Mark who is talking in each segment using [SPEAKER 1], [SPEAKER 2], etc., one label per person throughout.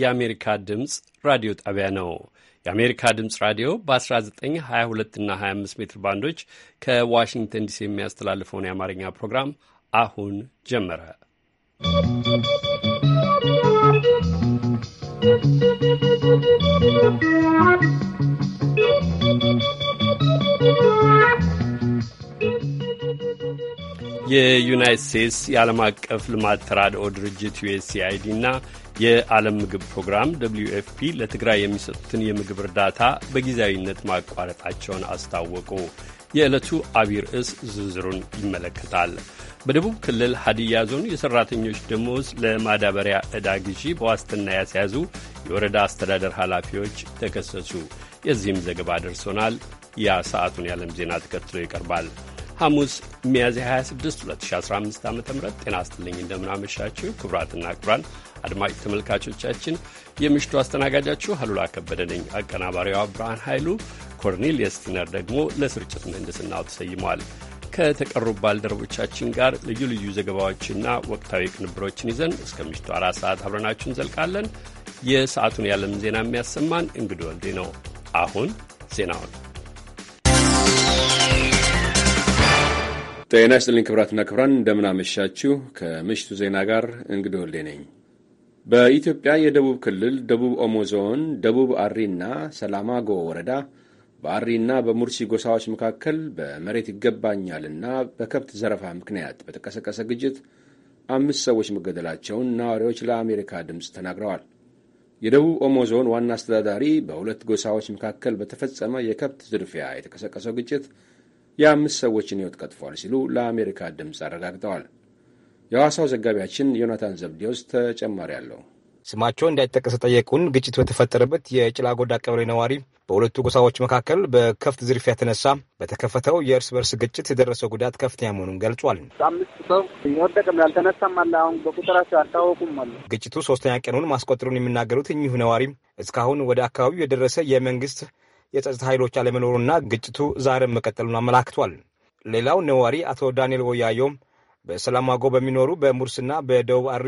[SPEAKER 1] የአሜሪካ ድምፅ ራዲዮ ጣቢያ ነው። የአሜሪካ ድምፅ ራዲዮ በ1922 እና 25 ሜትር ባንዶች ከዋሽንግተን ዲሲ የሚያስተላልፈውን የአማርኛ ፕሮግራም አሁን ጀመረ። የዩናይት ስቴትስ የዓለም አቀፍ ልማት ተራድኦ ድርጅት ዩኤስኤአይዲ እና የዓለም ምግብ ፕሮግራም ደብልዩ ኤፍፒ ለትግራይ የሚሰጡትን የምግብ እርዳታ በጊዜያዊነት ማቋረጣቸውን አስታወቁ። የዕለቱ አቢይ ርዕስ ዝርዝሩን ይመለከታል። በደቡብ ክልል ሀዲያ ዞን የሠራተኞች ደሞዝ ለማዳበሪያ ዕዳ ግዢ በዋስትና ያስያዙ የወረዳ አስተዳደር ኃላፊዎች ተከሰሱ። የዚህም ዘገባ ደርሶናል። ያ ሰዓቱን የዓለም ዜና ተከትሎ ይቀርባል። ሐሙስ ሚያዝያ 26 2015 ዓ ም ጤና ይስጥልኝ። እንደምናመሻችሁ ክቡራትና ክቡራን አድማጭ ተመልካቾቻችን የምሽቱ አስተናጋጃችሁ አሉላ ከበደ ነኝ። አቀናባሪዋ ብርሃን ኃይሉ፣ ኮርኔል ቲነር ደግሞ ለስርጭት ምህንድስናው ተሰይመዋል። ከተቀሩ ባልደረቦቻችን ጋር ልዩ ልዩ ዘገባዎችና ወቅታዊ ቅንብሮችን ይዘን እስከ ምሽቱ አራት ሰዓት አብረናችሁ እንዘልቃለን። የሰዓቱን የዓለም ዜና የሚያሰማን እንግዶ ወልዴ ነው። አሁን ዜናውን
[SPEAKER 2] ጤና ይስጥልኝ። ክብራትና ክብራን እንደምናመሻችሁ። ከምሽቱ ዜና ጋር እንግዶ ወልዴ ነኝ። በኢትዮጵያ የደቡብ ክልል ደቡብ ኦሞ ዞን ደቡብ አሪና ሰላማጎ ወረዳ በአሪና በሙርሲ ጎሳዎች መካከል በመሬት ይገባኛልና በከብት ዘረፋ ምክንያት በተቀሰቀሰ ግጭት አምስት ሰዎች መገደላቸውን ነዋሪዎች ለአሜሪካ ድምፅ ተናግረዋል። የደቡብ ኦሞ ዞን ዋና አስተዳዳሪ በሁለት ጎሳዎች መካከል በተፈጸመ የከብት ዝርፊያ የተቀሰቀሰው ግጭት የአምስት ሰዎችን ሕይወት ቀጥፏል ሲሉ ለአሜሪካ ድምፅ አረጋግጠዋል። የሐዋሳው ዘጋቢያችን ዮናታን ዘብዴዎስ ተጨማሪ አለው።
[SPEAKER 3] ስማቸው እንዳይጠቀስ ጠየቁን ግጭቱ የጭላ የጭላጎዳ ቀበሌ ነዋሪ በሁለቱ ጎሳዎች መካከል በከፍት ዝርፊያ የተነሳ በተከፈተው የእርስ በርስ ግጭት የደረሰው ጉዳት ከፍተኛ መሆኑን ገልጿል።
[SPEAKER 4] አምስት ሰው ወደቅም ያልተነሳም አለ። አሁን በቁጥራቸው አልታወቁም አለ።
[SPEAKER 3] ግጭቱ ሶስተኛ ቀኑን ማስቆጠሩን የሚናገሩት እኚሁ ነዋሪ እስካሁን ወደ አካባቢው የደረሰ የመንግስት የጸጥታ ኃይሎች አለመኖሩና ግጭቱ ዛሬም መቀጠሉን አመላክቷል። ሌላው ነዋሪ አቶ ዳንኤል ወያዮም በሰላማጎ በሚኖሩ በሙርስና በደቡብ አሪ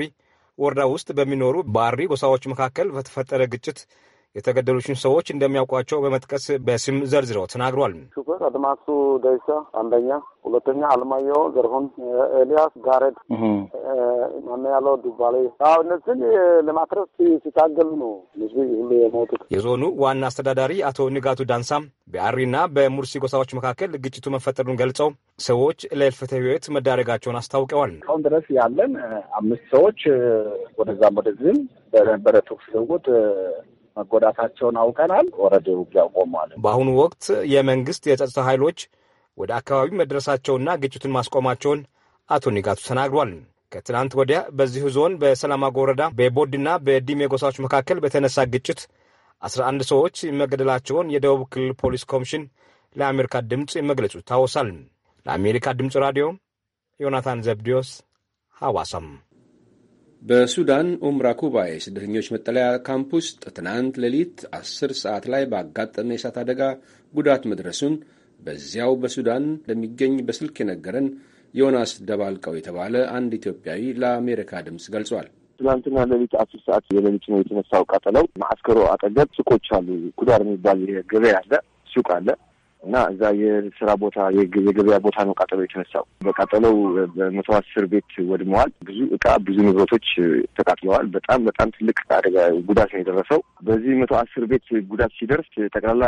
[SPEAKER 3] ወረዳ ውስጥ በሚኖሩ በአሪ ጎሳዎች መካከል በተፈጠረ ግጭት የተገደሉትን ሰዎች እንደሚያውቋቸው በመጥቀስ በስም ዘርዝረው ተናግሯል።
[SPEAKER 5] ሹፌር አድማሱ ደይሳ አንደኛ፣ ሁለተኛ አልማየሁ ዘርሁን፣ ኤልያስ ጋረድ፣ ማነያለው ዱባሌ። አዎ እነዚህን
[SPEAKER 6] ለማትረፍ ሲታገሉ ነው እነዚህ ሁሉ የሞቱት።
[SPEAKER 3] የዞኑ ዋና አስተዳዳሪ አቶ ንጋቱ በአሪ በአሪና በሙርሲ ጎሳዎች መካከል ግጭቱ መፈጠሩን ገልጸው ሰዎች ለእልፈተ ህይወት መዳረጋቸውን አስታውቀዋል።
[SPEAKER 4] እስካሁን ድረስ ያለን አምስት ሰዎች ወደዛም ወደዚህም
[SPEAKER 6] በነበረ ተኩስ ልውውጥ መጎዳታቸውን አውቀናል። ወረደ ውጊያ ቆሟል። በአሁኑ
[SPEAKER 3] ወቅት የመንግስት የጸጥታ ኃይሎች ወደ አካባቢ መድረሳቸውና ግጭቱን ማስቆማቸውን አቶ ኒጋቱ ተናግሯል። ከትናንት ወዲያ በዚሁ ዞን በሰላማጎ ወረዳ በቦድና በዲሜ ጎሳዎች መካከል በተነሳ ግጭት 11 ሰዎች መገደላቸውን የደቡብ ክልል ፖሊስ ኮሚሽን ለአሜሪካ ድምፅ መግለጹ ይታወሳል። ለአሜሪካ ድምፅ ራዲዮ ዮናታን ዘብዲዮስ ሐዋሳም
[SPEAKER 2] በሱዳን ኡምራ ኩባኤ የስደተኞች መጠለያ ካምፕ ውስጥ ትናንት ሌሊት አስር ሰዓት ላይ ባጋጠመ የእሳት አደጋ ጉዳት መድረሱን በዚያው በሱዳን እንደሚገኝ በስልክ የነገረን ዮናስ ደባልቀው የተባለ አንድ ኢትዮጵያዊ ለአሜሪካ ድምፅ ገልጿል።
[SPEAKER 5] ትናንትና ሌሊት አስር ሰዓት የሌሊት ነው የተነሳው ቃጠለው። ማስከሮ አጠገብ ሱቆች አሉ። ኩዳር የሚባል ገበያ አለ፣ ሱቅ አለ። እና እዛ የስራ ቦታ የገበያ ቦታ ነው ቃጠሎ የተነሳው። በቃጠሎው በመቶ አስር ቤት ወድመዋል። ብዙ እቃ፣ ብዙ ንብረቶች ተቃጥለዋል። በጣም በጣም ትልቅ አደጋ ጉዳት ነው የደረሰው። በዚህ መቶ አስር ቤት ጉዳት ሲደርስ ጠቅላላ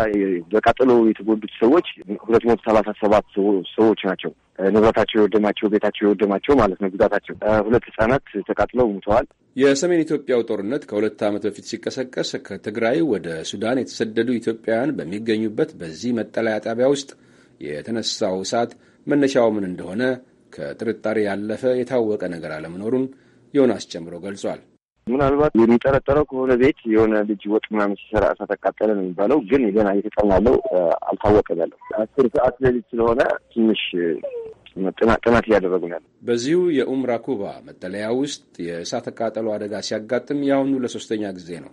[SPEAKER 5] በቃጠሎ የተጎዱት ሰዎች ሁለት መቶ ሰላሳ ሰባት ሰዎች ናቸው። ንብረታቸው የወደማቸው ቤታቸው የወደማቸው ማለት ነው ጉዳታቸው ሁለት ህጻናት ተቃጥለው ሙተዋል።
[SPEAKER 2] የሰሜን ኢትዮጵያው ጦርነት ከሁለት ዓመት በፊት ሲቀሰቀስ ከትግራይ ወደ ሱዳን የተሰደዱ ኢትዮጵያውያን በሚገኙበት በዚህ መጠለያ ጣቢያ ውስጥ የተነሳው እሳት መነሻው ምን እንደሆነ ከጥርጣሬ ያለፈ የታወቀ ነገር አለመኖሩን ዮናስ ጨምሮ ገልጿል።
[SPEAKER 5] ምናልባት የሚጠረጠረው ከሆነ ቤት የሆነ ልጅ ወጥ ምናምን ሲሰራ እሳት አቃጠለ ነው የሚባለው። ግን ገና እየተጠናለው አልታወቀም። ያለው አስር ሰዓት ሌሊት ስለሆነ ትንሽ ጥናት እያደረጉ ነው ያለው።
[SPEAKER 2] በዚሁ የኡምራ ኩባ መጠለያ ውስጥ የእሳት አቃጠሎ አደጋ ሲያጋጥም የአሁኑ ለሶስተኛ ጊዜ ነው።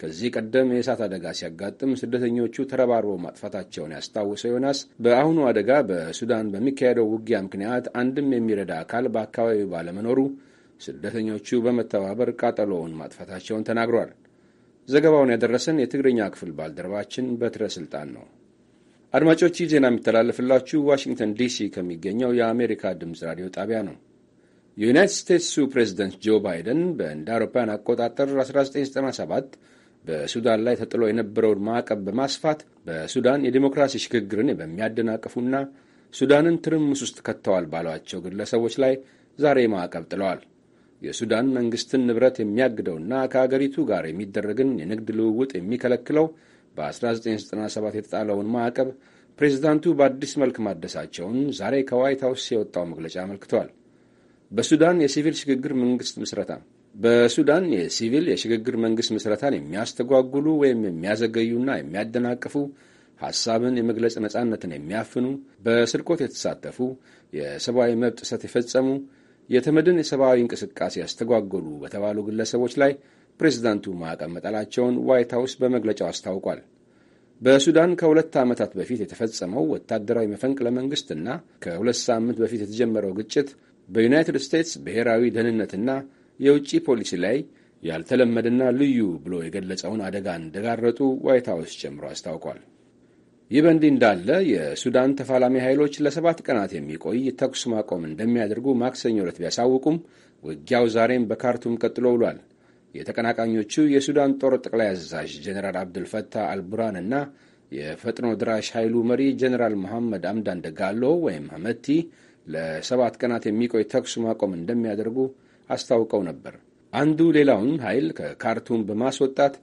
[SPEAKER 2] ከዚህ ቀደም የእሳት አደጋ ሲያጋጥም ስደተኞቹ ተረባርበው ማጥፋታቸውን ያስታውሰው ዮናስ በአሁኑ አደጋ በሱዳን በሚካሄደው ውጊያ ምክንያት አንድም የሚረዳ አካል በአካባቢው ባለመኖሩ ስደተኞቹ በመተባበር ቃጠሎውን ማጥፋታቸውን ተናግሯል። ዘገባውን ያደረሰን የትግርኛ ክፍል ባልደረባችን በትረ ስልጣን ነው። አድማጮች ይህ ዜና የሚተላለፍላችሁ ዋሽንግተን ዲሲ ከሚገኘው የአሜሪካ ድምፅ ራዲዮ ጣቢያ ነው። የዩናይትድ ስቴትሱ ፕሬዚደንት ጆ ባይደን በእንደ አውሮፓውያን አቆጣጠር 1997 በሱዳን ላይ ተጥሎ የነበረውን ማዕቀብ በማስፋት በሱዳን የዲሞክራሲ ሽግግርን በሚያደናቅፉና ሱዳንን ትርምስ ውስጥ ከተዋል ባሏቸው ግለሰቦች ላይ ዛሬ ማዕቀብ ጥለዋል። የሱዳን መንግስትን ንብረት የሚያግደውና ከአገሪቱ ጋር የሚደረግን የንግድ ልውውጥ የሚከለክለው በ1997 የተጣለውን ማዕቀብ ፕሬዚዳንቱ በአዲስ መልክ ማደሳቸውን ዛሬ ከዋይት ሀውስ የወጣው መግለጫ አመልክተዋል። በሱዳን የሲቪል ሽግግር መንግስት ምስረታ በሱዳን የሲቪል የሽግግር መንግስት ምስረታን የሚያስተጓጉሉ ወይም የሚያዘገዩና የሚያደናቅፉ ሐሳብን የመግለጽ ነጻነትን የሚያፍኑ፣ በስርቆት የተሳተፉ፣ የሰብአዊ መብት ጥሰት የፈጸሙ፣ የተመድን የሰብአዊ እንቅስቃሴ ያስተጓጎሉ በተባሉ ግለሰቦች ላይ ፕሬዚዳንቱ ማዕቀብ መጣላቸውን ዋይት ሀውስ በመግለጫው አስታውቋል። በሱዳን ከሁለት ዓመታት በፊት የተፈጸመው ወታደራዊ መፈንቅለ መንግሥትና ከሁለት ሳምንት በፊት የተጀመረው ግጭት በዩናይትድ ስቴትስ ብሔራዊ ደህንነትና የውጭ ፖሊሲ ላይ ያልተለመደና ልዩ ብሎ የገለጸውን አደጋ እንደጋረጡ ዋይት ሀውስ ጨምሮ አስታውቋል። ይህ በእንዲህ እንዳለ የሱዳን ተፋላሚ ኃይሎች ለሰባት ቀናት የሚቆይ ተኩስ ማቆም እንደሚያደርጉ ማክሰኞ ዕለት ቢያሳውቁም ውጊያው ዛሬም በካርቱም ቀጥሎ ውሏል። የተቀናቃኞቹ የሱዳን ጦር ጠቅላይ አዛዥ ጀኔራል አብዱልፈታህ አልቡራን እና የፈጥኖ ድራሽ ኃይሉ መሪ ጀኔራል መሐመድ አምዳን ደጋሎ ወይም ሀመቲ ለሰባት ቀናት የሚቆይ ተኩስ ማቆም እንደሚያደርጉ አስታውቀው ነበር። አንዱ ሌላውን ኃይል ከካርቱም በማስወጣት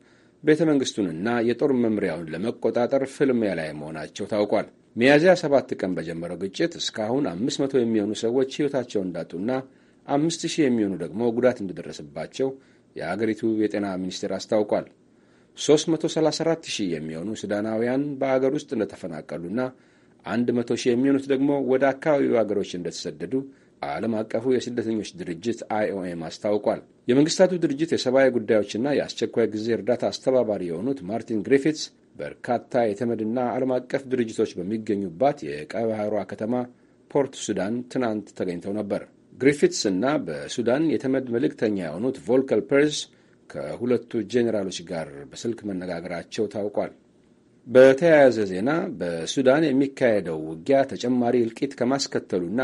[SPEAKER 2] ቤተ መንግስቱንና የጦር መምሪያውን ለመቆጣጠር ፍልሚያ ላይ መሆናቸው ታውቋል። ሚያዝያ ሰባት ቀን በጀመረው ግጭት እስካሁን አምስት መቶ የሚሆኑ ሰዎች ሕይወታቸውን እንዳጡና አምስት ሺህ የሚሆኑ ደግሞ ጉዳት እንደደረሰባቸው የአገሪቱ የጤና ሚኒስቴር አስታውቋል። 334 ሺህ የሚሆኑ ሱዳናውያን በአገር ውስጥ እንደተፈናቀሉና 100 ሺህ የሚሆኑት ደግሞ ወደ አካባቢው አገሮች እንደተሰደዱ ዓለም አቀፉ የስደተኞች ድርጅት አይኦኤም አስታውቋል። የመንግስታቱ ድርጅት የሰብአዊ ጉዳዮችና የአስቸኳይ ጊዜ እርዳታ አስተባባሪ የሆኑት ማርቲን ግሪፊትስ በርካታ የተመድና ዓለም አቀፍ ድርጅቶች በሚገኙባት የቀባህሯ ከተማ ፖርት ሱዳን ትናንት ተገኝተው ነበር። ግሪፊትስ እና በሱዳን የተመድ መልእክተኛ የሆኑት ቮልከል ፐርስ ከሁለቱ ጄኔራሎች ጋር በስልክ መነጋገራቸው ታውቋል። በተያያዘ ዜና በሱዳን የሚካሄደው ውጊያ ተጨማሪ እልቂት ከማስከተሉና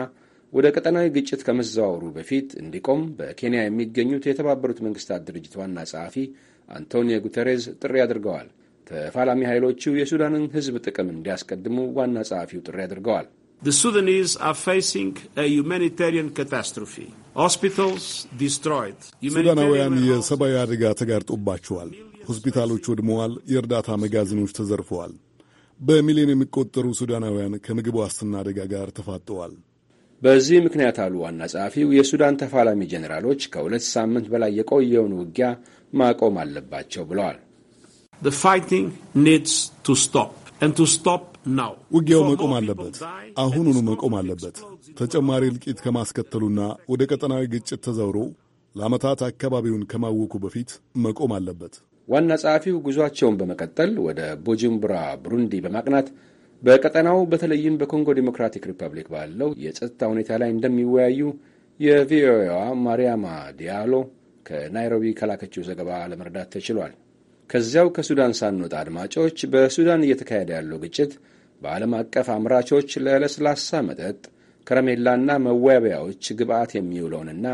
[SPEAKER 2] ወደ ቀጠናዊ ግጭት ከመዘዋወሩ በፊት እንዲቆም በኬንያ የሚገኙት የተባበሩት መንግስታት ድርጅት ዋና ጸሐፊ አንቶኒዮ ጉተሬዝ ጥሪ አድርገዋል። ተፋላሚ ኃይሎቹ የሱዳንን ሕዝብ ጥቅም
[SPEAKER 7] እንዲያስቀድሙ
[SPEAKER 2] ዋና ጸሐፊው ጥሪ አድርገዋል። ሱዳናውያን
[SPEAKER 7] የሰብአዊ አደጋ ተጋርጦባቸዋል። ሆስፒታሎች ወድመዋል። የእርዳታ መጋዘኖች ተዘርፈዋል። በሚሊዮን የሚቆጠሩ ሱዳናውያን ከምግብ ዋስትና አደጋ ጋር ተፋጠዋል። በዚህ ምክንያት
[SPEAKER 2] አሉ ዋና ጸሐፊው፣ የሱዳን ተፋላሚ ጀኔራሎች ከሁለት ሳምንት በላይ የቆየውን ውጊያ ማቆም አለባቸው ብለዋል።
[SPEAKER 7] ውጊያው መቆም አለበት። አሁኑኑ መቆም አለበት። ተጨማሪ እልቂት ከማስከተሉና ወደ ቀጠናዊ ግጭት ተዘውሮ ለዓመታት አካባቢውን ከማወኩ በፊት መቆም አለበት።
[SPEAKER 2] ዋና ጸሐፊው ጉዟቸውን በመቀጠል ወደ ቡጁምቡራ ብሩንዲ በማቅናት በቀጠናው በተለይም በኮንጎ ዲሞክራቲክ ሪፐብሊክ ባለው የጸጥታ ሁኔታ ላይ እንደሚወያዩ የቪኦኤዋ ማሪያማ ዲያሎ ከናይሮቢ ከላከችው ዘገባ ለመረዳት ተችሏል። ከዚያው ከሱዳን ሳንወጣ አድማጮች፣ በሱዳን እየተካሄደ ያለው ግጭት በዓለም አቀፍ አምራቾች ለለስላሳ መጠጥ ከረሜላና መዋቢያዎች ግብዓት የሚውለውንና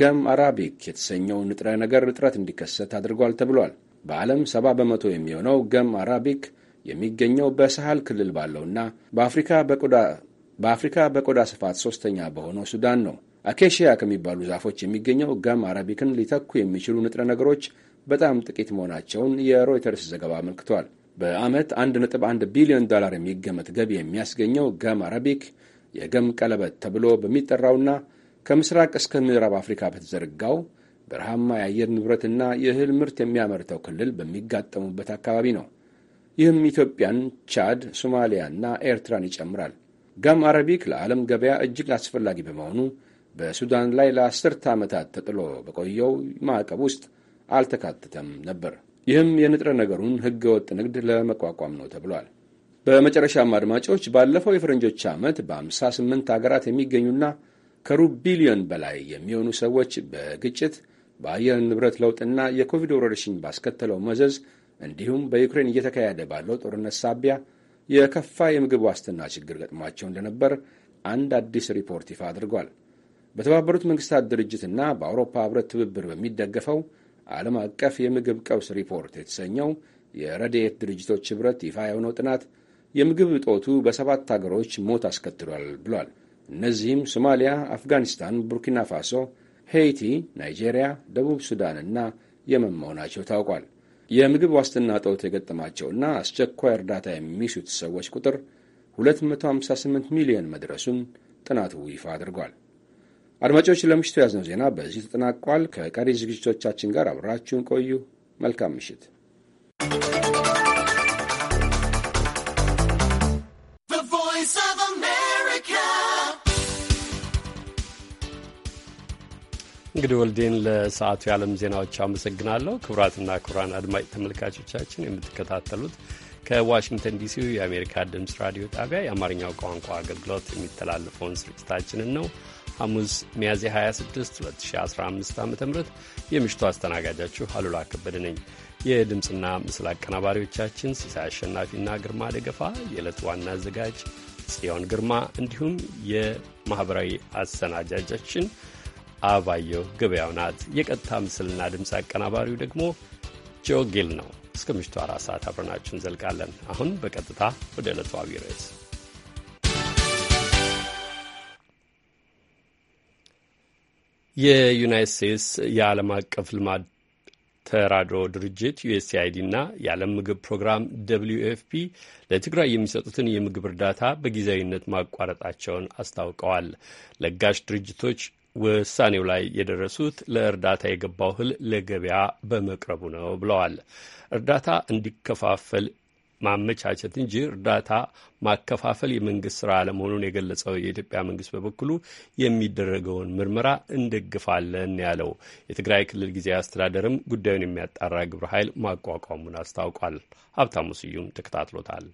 [SPEAKER 2] ገም አራቢክ የተሰኘው ንጥረ ነገር እጥረት እንዲከሰት አድርጓል ተብሏል። በዓለም ሰባ በመቶ የሚሆነው ገም አራቢክ የሚገኘው በሳህል ክልል ባለውና በአፍሪካ በቆዳ ስፋት ሶስተኛ በሆነው ሱዳን ነው። አኬሽያ ከሚባሉ ዛፎች የሚገኘው ገም አረቢክን ሊተኩ የሚችሉ ንጥረ ነገሮች በጣም ጥቂት መሆናቸውን የሮይተርስ ዘገባ አመልክቷል። በዓመት 1.1 ቢሊዮን ዶላር የሚገመት ገቢ የሚያስገኘው ገም አረቢክ የገም ቀለበት ተብሎ በሚጠራውና ከምስራቅ እስከ ምዕራብ አፍሪካ በተዘረጋው በረሃማ የአየር ንብረትና የእህል ምርት የሚያመርተው ክልል በሚጋጠሙበት አካባቢ ነው። ይህም ኢትዮጵያን፣ ቻድ፣ እና ኤርትራን ይጨምራል። ጋም አረቢክ ለዓለም ገበያ እጅግ አስፈላጊ በመሆኑ በሱዳን ላይ ለአስርተ ዓመታት ተጥሎ በቆየው ማዕቀብ ውስጥ አልተካተተም ነበር። ይህም የንጥረ ነገሩን ሕገወጥ ንግድ ለመቋቋም ነው ተብሏል። በመጨረሻም አድማጮች ባለፈው የፈረንጆች ዓመት በ58 አገራት የሚገኙና ከሩብ ቢሊዮን በላይ የሚሆኑ ሰዎች በግጭት በአየር ንብረት ለውጥና የኮቪድ ወረርሽኝ ባስከተለው መዘዝ እንዲሁም በዩክሬን እየተካሄደ ባለው ጦርነት ሳቢያ የከፋ የምግብ ዋስትና ችግር ገጥሟቸው እንደነበር አንድ አዲስ ሪፖርት ይፋ አድርጓል። በተባበሩት መንግስታት ድርጅትና በአውሮፓ ህብረት ትብብር በሚደገፈው ዓለም አቀፍ የምግብ ቀውስ ሪፖርት የተሰኘው የረድኤት ድርጅቶች ህብረት ይፋ የሆነው ጥናት የምግብ እጦቱ በሰባት አገሮች ሞት አስከትሏል ብሏል። እነዚህም ሶማሊያ፣ አፍጋኒስታን፣ ቡርኪና ፋሶ፣ ሄይቲ፣ ናይጄሪያ፣ ደቡብ ሱዳን እና የመን መሆናቸው ታውቋል። የምግብ ዋስትና እጦት የገጠማቸውና አስቸኳይ እርዳታ የሚሹት ሰዎች ቁጥር 258 ሚሊዮን መድረሱን ጥናቱ ይፋ አድርጓል። አድማጮች፣ ለምሽቱ ያዝነው ዜና በዚህ ተጠናቋል። ከቀሪ ዝግጅቶቻችን ጋር አብራችሁን ቆዩ። መልካም ምሽት።
[SPEAKER 1] እንግዲህ ወልዴን ለሰዓቱ የዓለም ዜናዎች አመሰግናለሁ። ክቡራትና ክቡራን አድማጭ ተመልካቾቻችን የምትከታተሉት ከዋሽንግተን ዲሲ የአሜሪካ ድምፅ ራዲዮ ጣቢያ የአማርኛው ቋንቋ አገልግሎት የሚተላለፈውን ስርጭታችንን ነው። ሐሙስ ሚያዝያ 26 2015 ዓ ም የምሽቱ አስተናጋጃችሁ አሉላ ከበደ ነኝ። የድምፅና ምስል አቀናባሪዎቻችን ሲሳይ አሸናፊና ግርማ ደገፋ፣ የዕለት ዋና አዘጋጅ ጽዮን ግርማ እንዲሁም የማኅበራዊ አሰናጃጃችን አበባየሁ ገበያው ናት። የቀጥታ ምስልና ድምፅ አቀናባሪው ደግሞ ጆ ጊል ነው። እስከ ምሽቱ አራት ሰዓት አብረናችሁ እንዘልቃለን። አሁን በቀጥታ ወደ ዕለቱ አብይ ርዕስ የዩናይት ስቴትስ የዓለም አቀፍ ልማት ተራድኦ ድርጅት ዩኤስኤአይዲ እና የዓለም ምግብ ፕሮግራም ደብልዩ ኤፍፒ ለትግራይ የሚሰጡትን የምግብ እርዳታ በጊዜያዊነት ማቋረጣቸውን አስታውቀዋል። ለጋሽ ድርጅቶች ውሳኔው ላይ የደረሱት ለእርዳታ የገባው እህል ለገበያ በመቅረቡ ነው ብለዋል። እርዳታ እንዲከፋፈል ማመቻቸት እንጂ እርዳታ ማከፋፈል የመንግስት ስራ አለመሆኑን የገለጸው የኢትዮጵያ መንግስት በበኩሉ የሚደረገውን ምርመራ እንደግፋለን ያለው የትግራይ ክልል ጊዜ አስተዳደርም ጉዳዩን የሚያጣራ ግብረ ኃይል ማቋቋሙን አስታውቋል። ሀብታሙ ስዩም ተከታትሎታል።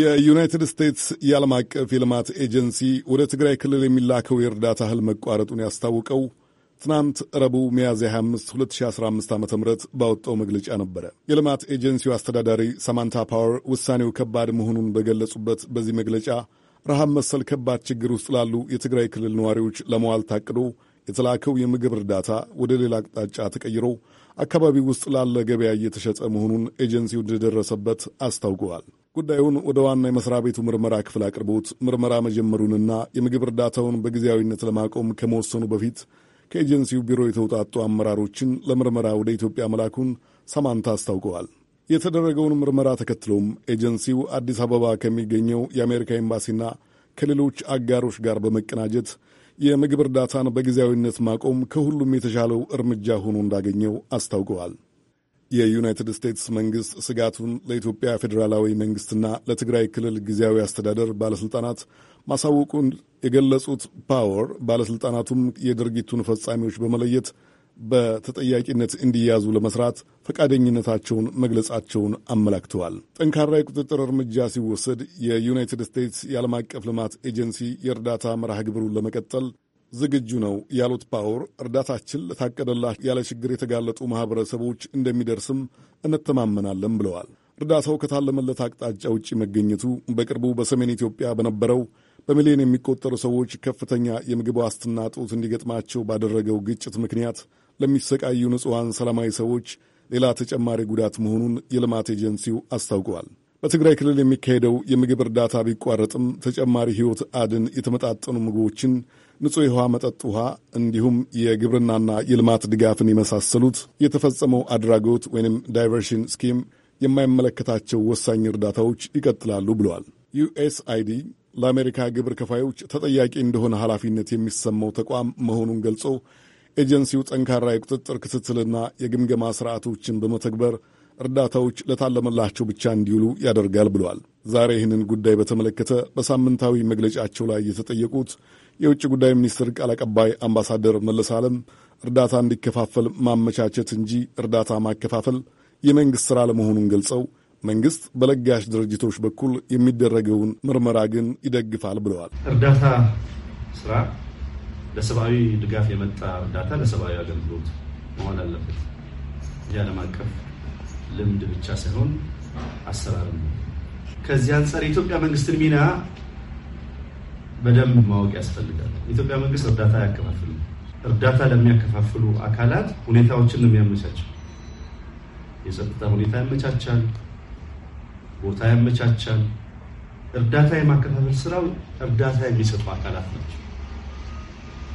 [SPEAKER 7] የዩናይትድ ስቴትስ የዓለም አቀፍ የልማት ኤጀንሲ ወደ ትግራይ ክልል የሚላከው የእርዳታ እህል መቋረጡን ያስታውቀው። ትናንት ረቡዕ ሚያዝያ 25 2015 ዓ ም ባወጣው መግለጫ ነበረ። የልማት ኤጀንሲው አስተዳዳሪ ሳማንታ ፓወር ውሳኔው ከባድ መሆኑን በገለጹበት በዚህ መግለጫ ረሃብ መሰል ከባድ ችግር ውስጥ ላሉ የትግራይ ክልል ነዋሪዎች ለመዋል ታቅዶ የተላከው የምግብ እርዳታ ወደ ሌላ አቅጣጫ ተቀይሮ አካባቢ ውስጥ ላለ ገበያ እየተሸጠ መሆኑን ኤጀንሲው እንደደረሰበት አስታውቀዋል። ጉዳዩን ወደ ዋና የመስሪያ ቤቱ ምርመራ ክፍል አቅርቦት ምርመራ መጀመሩንና የምግብ እርዳታውን በጊዜያዊነት ለማቆም ከመወሰኑ በፊት ከኤጀንሲው ቢሮ የተውጣጡ አመራሮችን ለምርመራ ወደ ኢትዮጵያ መላኩን ሰማንታ አስታውቀዋል። የተደረገውን ምርመራ ተከትሎም ኤጀንሲው አዲስ አበባ ከሚገኘው የአሜሪካ ኤምባሲና ከሌሎች አጋሮች ጋር በመቀናጀት የምግብ እርዳታን በጊዜያዊነት ማቆም ከሁሉም የተሻለው እርምጃ ሆኖ እንዳገኘው አስታውቀዋል። የዩናይትድ ስቴትስ መንግስት ስጋቱን ለኢትዮጵያ ፌዴራላዊ መንግስትና ለትግራይ ክልል ጊዜያዊ አስተዳደር ባለስልጣናት ማሳወቁን የገለጹት ፓወር ባለስልጣናቱም የድርጊቱን ፈጻሚዎች በመለየት በተጠያቂነት እንዲያዙ ለመስራት ፈቃደኝነታቸውን መግለጻቸውን አመላክተዋል። ጠንካራ የቁጥጥር እርምጃ ሲወሰድ የዩናይትድ ስቴትስ የዓለም አቀፍ ልማት ኤጀንሲ የእርዳታ መርሃ ግብሩን ለመቀጠል ዝግጁ ነው ያሉት ፓወር እርዳታችን ለታቀደላት ያለ ችግር የተጋለጡ ማህበረሰቦች እንደሚደርስም እንተማመናለን ብለዋል። እርዳታው ከታለመለት አቅጣጫ ውጭ መገኘቱ በቅርቡ በሰሜን ኢትዮጵያ በነበረው በሚሊዮን የሚቆጠሩ ሰዎች ከፍተኛ የምግብ ዋስትና ጡት እንዲገጥማቸው ባደረገው ግጭት ምክንያት ለሚሰቃዩ ንጹሐን ሰላማዊ ሰዎች ሌላ ተጨማሪ ጉዳት መሆኑን የልማት ኤጀንሲው አስታውቀዋል። በትግራይ ክልል የሚካሄደው የምግብ እርዳታ ቢቋረጥም ተጨማሪ ሕይወት አድን የተመጣጠኑ ምግቦችን ንጹሕ የውሃ መጠጥ ውሃ እንዲሁም የግብርናና የልማት ድጋፍን የመሳሰሉት የተፈጸመው አድራጎት ወይንም ዳይቨርሽን ስኪም የማይመለከታቸው ወሳኝ እርዳታዎች ይቀጥላሉ ብለዋል። ዩኤስአይዲ ለአሜሪካ ግብር ከፋዮች ተጠያቂ እንደሆነ ኃላፊነት የሚሰማው ተቋም መሆኑን ገልጾ ኤጀንሲው ጠንካራ የቁጥጥር ክትትልና የግምገማ ስርዓቶችን በመተግበር እርዳታዎች ለታለመላቸው ብቻ እንዲውሉ ያደርጋል ብለዋል። ዛሬ ይህንን ጉዳይ በተመለከተ በሳምንታዊ መግለጫቸው ላይ የተጠየቁት የውጭ ጉዳይ ሚኒስትር ቃል አቀባይ አምባሳደር መለስ አለም እርዳታ እንዲከፋፈል ማመቻቸት እንጂ እርዳታ ማከፋፈል የመንግሥት ሥራ ለመሆኑን ገልጸው መንግሥት በለጋሽ ድርጅቶች በኩል የሚደረገውን ምርመራ ግን ይደግፋል ብለዋል። እርዳታ ስራ
[SPEAKER 8] ለሰብአዊ ድጋፍ የመጣ እርዳታ ለሰብአዊ አገልግሎት መሆን አለበት። የዓለም አቀፍ ልምድ ብቻ ሳይሆን አሰራርም ነው። ከዚህ አንጻር የኢትዮጵያ መንግስትን ሚና በደንብ ማወቅ ያስፈልጋል። የኢትዮጵያ መንግስት እርዳታ ያከፋፍል እርዳታ ለሚያከፋፍሉ አካላት ሁኔታዎችን ነው የሚያመቻቸው። የጸጥታ ሁኔታ ያመቻቻል፣ ቦታ ያመቻቻል። እርዳታ የማከፋፈል ስራው እርዳታ የሚሰጡ አካላት ናቸው።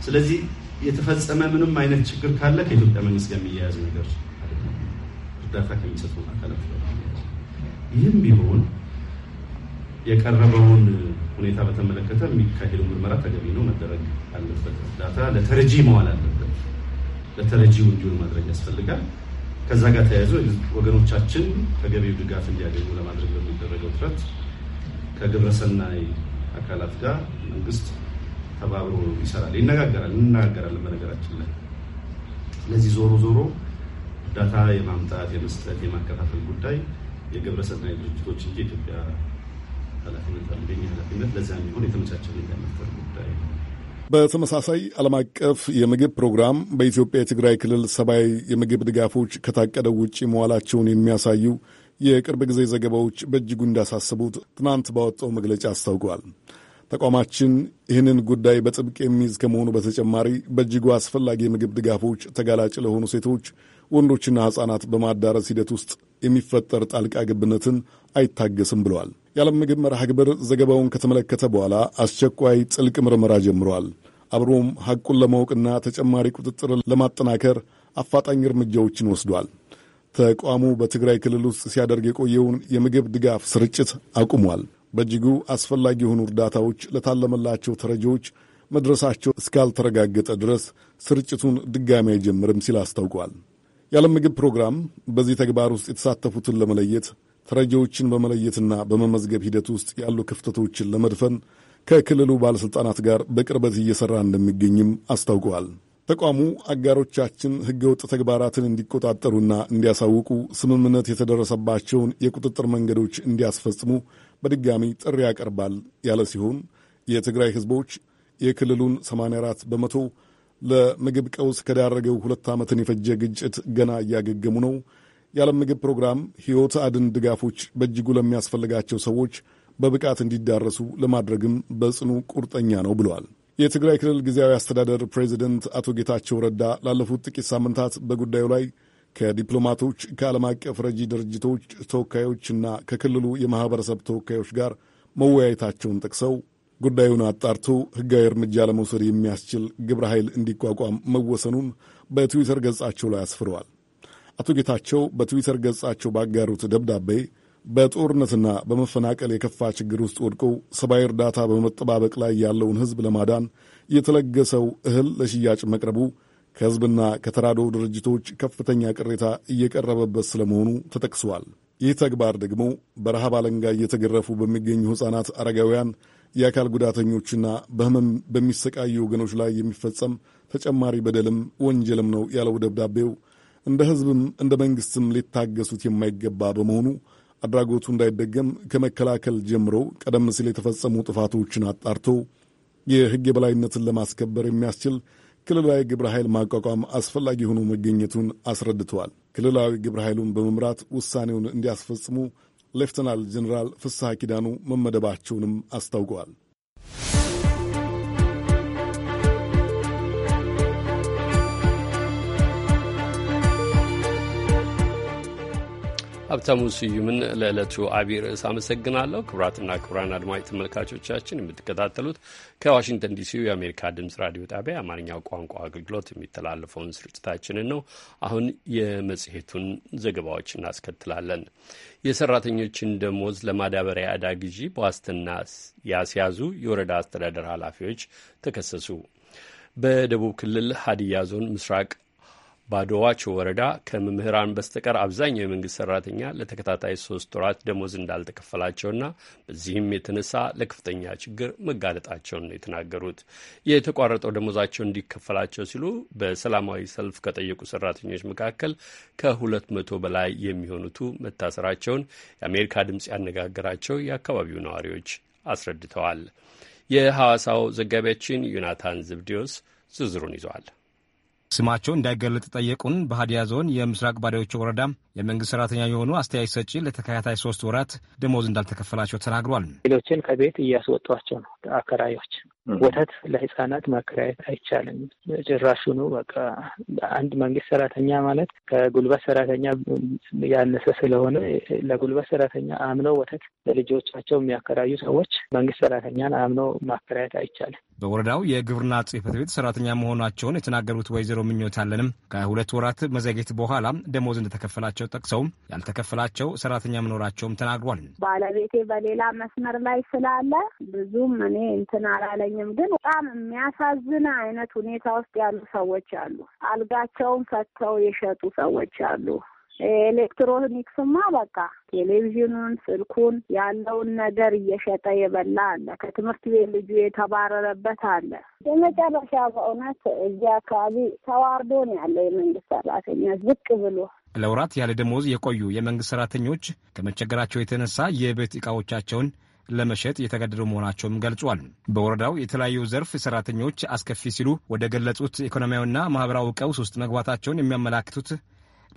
[SPEAKER 8] ስለዚህ የተፈጸመ ምንም አይነት ችግር ካለ ከኢትዮጵያ መንግስት ጋር የሚያያዝ ነገር እርዳታ ከሚሰጡ አካላት ይህም ቢሆን የቀረበውን ሁኔታ በተመለከተ የሚካሄደው ምርመራ ተገቢ ነው፣ መደረግ አለበት። እርዳታ ለተረጂ መዋል አለበት፣ ለተረጂው እንዲሆን ማድረግ ያስፈልጋል። ከዛ ጋር ተያይዞ ወገኖቻችን ተገቢው ድጋፍ እንዲያገኙ ለማድረግ በሚደረገው ጥረት ከግብረሰናይ አካላት ጋር መንግስት ተባብሮ ይሰራል፣ ይነጋገራል፣ እንነጋገራለን በነገራችን ላይ ስለዚህ ዞሮ ዞሮ እርዳታ የማምጣት የመስጠት የማከፋፈል ጉዳይ የግብረሰናይ ድርጅቶች እንጂ ኢትዮጵያ ኃላፊነት አለ። ኃላፊነት ለዚያ የሚሆን የተመቻቸ ሁኔታ መፍጠር ጉዳይ ነው።
[SPEAKER 7] በተመሳሳይ ዓለም አቀፍ የምግብ ፕሮግራም በኢትዮጵያ የትግራይ ክልል ሰብአዊ የምግብ ድጋፎች ከታቀደው ውጭ መዋላቸውን የሚያሳዩ የቅርብ ጊዜ ዘገባዎች በእጅጉ እንዳሳሰቡት ትናንት ባወጣው መግለጫ አስታውቋል። ተቋማችን ይህንን ጉዳይ በጥብቅ የሚይዝ ከመሆኑ በተጨማሪ በእጅጉ አስፈላጊ የምግብ ድጋፎች ተጋላጭ ለሆኑ ሴቶች፣ ወንዶችና ሕፃናት በማዳረስ ሂደት ውስጥ የሚፈጠር ጣልቃ ግብነትን አይታገስም ብለዋል። የዓለም ምግብ መርሃ ግብር ዘገባውን ከተመለከተ በኋላ አስቸኳይ ጥልቅ ምርመራ ጀምረዋል። አብሮም ሐቁን ለማወቅና ተጨማሪ ቁጥጥር ለማጠናከር አፋጣኝ እርምጃዎችን ወስዷል። ተቋሙ በትግራይ ክልል ውስጥ ሲያደርግ የቆየውን የምግብ ድጋፍ ስርጭት አቁሟል። በእጅጉ አስፈላጊ የሆኑ እርዳታዎች ለታለመላቸው ተረጂዎች መድረሳቸው እስካልተረጋገጠ ድረስ ስርጭቱን ድጋሚ አይጀምርም ሲል አስታውቋል። የዓለም ምግብ ፕሮግራም በዚህ ተግባር ውስጥ የተሳተፉትን ለመለየት ተረጂዎችን በመለየትና በመመዝገብ ሂደት ውስጥ ያሉ ክፍተቶችን ለመድፈን ከክልሉ ባለሥልጣናት ጋር በቅርበት እየሠራ እንደሚገኝም አስታውቀዋል። ተቋሙ አጋሮቻችን ሕገወጥ ተግባራትን እንዲቆጣጠሩና እንዲያሳውቁ ስምምነት የተደረሰባቸውን የቁጥጥር መንገዶች እንዲያስፈጽሙ በድጋሚ ጥሪ ያቀርባል ያለ ሲሆን የትግራይ ሕዝቦች የክልሉን 84 በመቶ ለምግብ ቀውስ ከዳረገው ሁለት ዓመትን የፈጀ ግጭት ገና እያገገሙ ነው። የዓለም ምግብ ፕሮግራም ሕይወት አድን ድጋፎች በእጅጉ ለሚያስፈልጋቸው ሰዎች በብቃት እንዲዳረሱ ለማድረግም በጽኑ ቁርጠኛ ነው ብለዋል። የትግራይ ክልል ጊዜያዊ አስተዳደር ፕሬዚደንት አቶ ጌታቸው ረዳ ላለፉት ጥቂት ሳምንታት በጉዳዩ ላይ ከዲፕሎማቶች ከዓለም አቀፍ ረጂ ድርጅቶች ተወካዮችና ከክልሉ የማኅበረሰብ ተወካዮች ጋር መወያየታቸውን ጠቅሰው ጉዳዩን አጣርቶ ሕጋዊ እርምጃ ለመውሰድ የሚያስችል ግብረ ኃይል እንዲቋቋም መወሰኑን በትዊተር ገጻቸው ላይ አስፍረዋል። አቶ ጌታቸው በትዊተር ገጻቸው ባጋሩት ደብዳቤ በጦርነትና በመፈናቀል የከፋ ችግር ውስጥ ወድቆ ሰብአዊ እርዳታ በመጠባበቅ ላይ ያለውን ሕዝብ ለማዳን የተለገሰው እህል ለሽያጭ መቅረቡ ከሕዝብና ከተራዶ ድርጅቶች ከፍተኛ ቅሬታ እየቀረበበት ስለመሆኑ ተጠቅሷል። ይህ ተግባር ደግሞ በረሃብ አለንጋ እየተገረፉ በሚገኙ ሕፃናት፣ አረጋውያን፣ የአካል ጉዳተኞችና በህመም በሚሰቃዩ ወገኖች ላይ የሚፈጸም ተጨማሪ በደልም ወንጀልም ነው ያለው ደብዳቤው እንደ ህዝብም እንደ መንግሥትም ሊታገሱት የማይገባ በመሆኑ አድራጎቱ እንዳይደገም ከመከላከል ጀምሮ ቀደም ሲል የተፈጸሙ ጥፋቶችን አጣርቶ የሕግ የበላይነትን ለማስከበር የሚያስችል ክልላዊ ግብረ ኃይል ማቋቋም አስፈላጊ ሆኖ መገኘቱን አስረድተዋል። ክልላዊ ግብረ ኃይሉን በመምራት ውሳኔውን እንዲያስፈጽሙ ሌፍተናል ጀኔራል ፍስሐ ኪዳኑ መመደባቸውንም አስታውቀዋል።
[SPEAKER 1] ሀብታሙ ስዩምን ለዕለቱ አቢይ ርዕስ አመሰግናለሁ። ክቡራትና ክቡራን አድማጭ ተመልካቾቻችን የምትከታተሉት ከዋሽንግተን ዲሲው የአሜሪካ ድምጽ ራዲዮ ጣቢያ የአማርኛው ቋንቋ አገልግሎት የሚተላለፈውን ስርጭታችንን ነው። አሁን የመጽሔቱን ዘገባዎች እናስከትላለን። የሰራተኞችን ደሞዝ ለማዳበሪያ ዕዳ ግዢ በዋስትና ያስያዙ የወረዳ አስተዳደር ኃላፊዎች ተከሰሱ። በደቡብ ክልል ሀዲያ ዞን ምስራቅ ባዶዋቾ ወረዳ ከመምህራን በስተቀር አብዛኛው የመንግስት ሰራተኛ ለተከታታይ ሶስት ወራት ደሞዝ እንዳልተከፈላቸውና በዚህም የተነሳ ለከፍተኛ ችግር መጋለጣቸውን ነው የተናገሩት። የተቋረጠው ደሞዛቸው እንዲከፈላቸው ሲሉ በሰላማዊ ሰልፍ ከጠየቁ ሰራተኞች መካከል ከሁለት መቶ በላይ የሚሆኑቱ መታሰራቸውን የአሜሪካ ድምፅ ያነጋገራቸው የአካባቢው ነዋሪዎች አስረድተዋል። የሐዋሳው ዘጋቢያችን ዮናታን ዝብዲዮስ ዝርዝሩን ይዘዋል።
[SPEAKER 3] ስማቸው እንዳይገለጥ ጠየቁን በሀዲያ ዞን የምስራቅ ባዳዎቹ ወረዳ የመንግስት ሰራተኛ የሆኑ አስተያየት ሰጪ ለተከታታይ ሶስት ወራት ደሞዝ እንዳልተከፈላቸው ተናግሯል።
[SPEAKER 6] ሌሎችን ከቤት እያስወጧቸው ነው አከራዮች። ወተት ለህፃናት ማከራየት አይቻልም። ጭራሹኑ በቃ አንድ መንግስት ሰራተኛ ማለት ከጉልበት ሰራተኛ ያነሰ ስለሆነ ለጉልበት ሰራተኛ አምነው ወተት ለልጆቻቸው የሚያከራዩ ሰዎች መንግስት ሰራተኛን አምነው ማከራየት አይቻልም።
[SPEAKER 3] በወረዳው የግብርና ጽህፈት ቤት ሰራተኛ መሆናቸውን የተናገሩት ወይዘሮ ምኞት አለንም ከሁለት ወራት መዘግየት በኋላ ደሞዝ እንደተከፈላቸው ጠቅሰው ያልተከፈላቸው ሰራተኛ መኖራቸውም ተናግሯል።
[SPEAKER 9] ባለቤቴ በሌላ መስመር ላይ ስላለ ብዙም እኔ እንትን አላለኝ አልገባኝም። ግን በጣም የሚያሳዝን አይነት
[SPEAKER 10] ሁኔታ ውስጥ ያሉ ሰዎች አሉ። አልጋቸውን ፈተው የሸጡ ሰዎች አሉ። ኤሌክትሮኒክስማ በቃ ቴሌቪዥኑን፣ ስልኩን ያለውን ነገር እየሸጠ
[SPEAKER 9] የበላ አለ። ከትምህርት ቤት ልጁ የተባረረበት አለ። የመጨረሻ በእውነት እዚህ አካባቢ ተዋርዶ ነው ያለው የመንግስት ሰራተኛ ዝቅ ብሎ
[SPEAKER 3] ለውራት ያለ ደሞዝ የቆዩ የመንግስት ሰራተኞች ከመቸገራቸው የተነሳ የቤት እቃዎቻቸውን ለመሸጥ የተገደዱ መሆናቸውም ገልጿል። በወረዳው የተለያዩ ዘርፍ ሰራተኞች አስከፊ ሲሉ ወደ ገለጹት ኢኮኖሚያዊና ማህበራዊ ቀውስ ውስጥ መግባታቸውን የሚያመላክቱት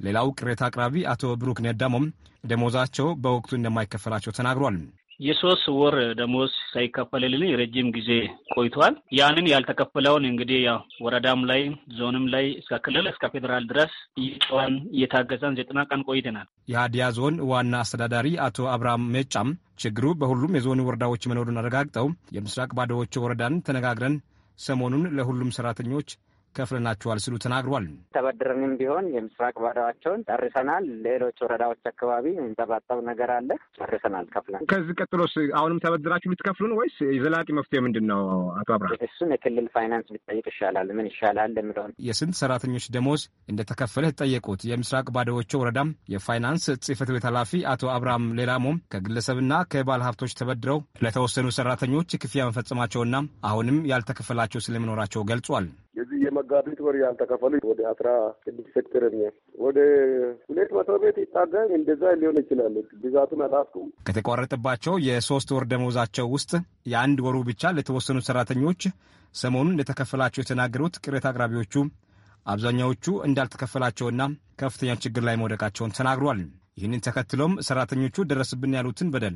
[SPEAKER 3] ሌላው ቅሬታ አቅራቢ አቶ ብሩክ ነዳሞም ደሞዛቸው በወቅቱ እንደማይከፈላቸው ተናግሯል።
[SPEAKER 4] የሶስት ወር ደሞዝ ሳይከፈልልን ረጅም ጊዜ ቆይቷል። ያንን ያልተከፈለውን እንግዲህ ያው ወረዳም ላይ ዞንም ላይ እስከ ክልል እስከ ፌዴራል ድረስ እየጨዋን እየታገዘን ዘጠና ቀን ቆይተናል።
[SPEAKER 3] የሀዲያ ዞን ዋና አስተዳዳሪ አቶ አብርሃም ሜጫም ችግሩ በሁሉም የዞኑ ወረዳዎች መኖሩን አረጋግጠው የምስራቅ ባዶዎቹ ወረዳን ተነጋግረን ሰሞኑን ለሁሉም ሰራተኞች ከፍለናቸዋል ሲሉ ተናግሯል።
[SPEAKER 6] ተበድረንም ቢሆን የምስራቅ ባዳዋቸውን ጨርሰናል። ሌሎች ወረዳዎች አካባቢ የሚንጠባጠብ ነገር አለ። ጨርሰናል ከፍለን።
[SPEAKER 3] ከዚህ ቀጥሎስ አሁንም ተበድራችሁ ልትከፍሉን ወይስ የዘላቂ መፍትሄ ምንድን ነው? አቶ አብርሃ፣ እሱን የክልል ፋይናንስ ቢጠይቅ ይሻላል። ምን ይሻላል የሚለውን የስንት ሰራተኞች ደሞዝ እንደተከፈለ ተጠየቁት። የምስራቅ ባዳዋቸው ወረዳም የፋይናንስ ጽህፈት ቤት ኃላፊ አቶ አብርሃም ሌላሞም ከግለሰብና ከባለ ሀብቶች ተበድረው ለተወሰኑ ሰራተኞች ክፍያ መፈጸማቸውና አሁንም ያልተከፈላቸው ስለመኖራቸው ገልጿል።
[SPEAKER 5] የዚህ የመጋቢት ወር ያልተከፈሉ ወደ አስራ ስድስት ሴክተር ወደ ሁለት መቶ ቤት ይታገኝ እንደዛ ሊሆን ይችላል። ብዛቱን አላስኩም።
[SPEAKER 3] ከተቋረጠባቸው የሶስት ወር ደመወዛቸው ውስጥ የአንድ ወሩ ብቻ ለተወሰኑ ሰራተኞች ሰሞኑን እንደተከፈላቸው የተናገሩት ቅሬታ አቅራቢዎቹ አብዛኛዎቹ እንዳልተከፈላቸውና ከፍተኛ ችግር ላይ መውደቃቸውን ተናግሯል። ይህንን ተከትሎም ሰራተኞቹ ደረስብን ያሉትን በደል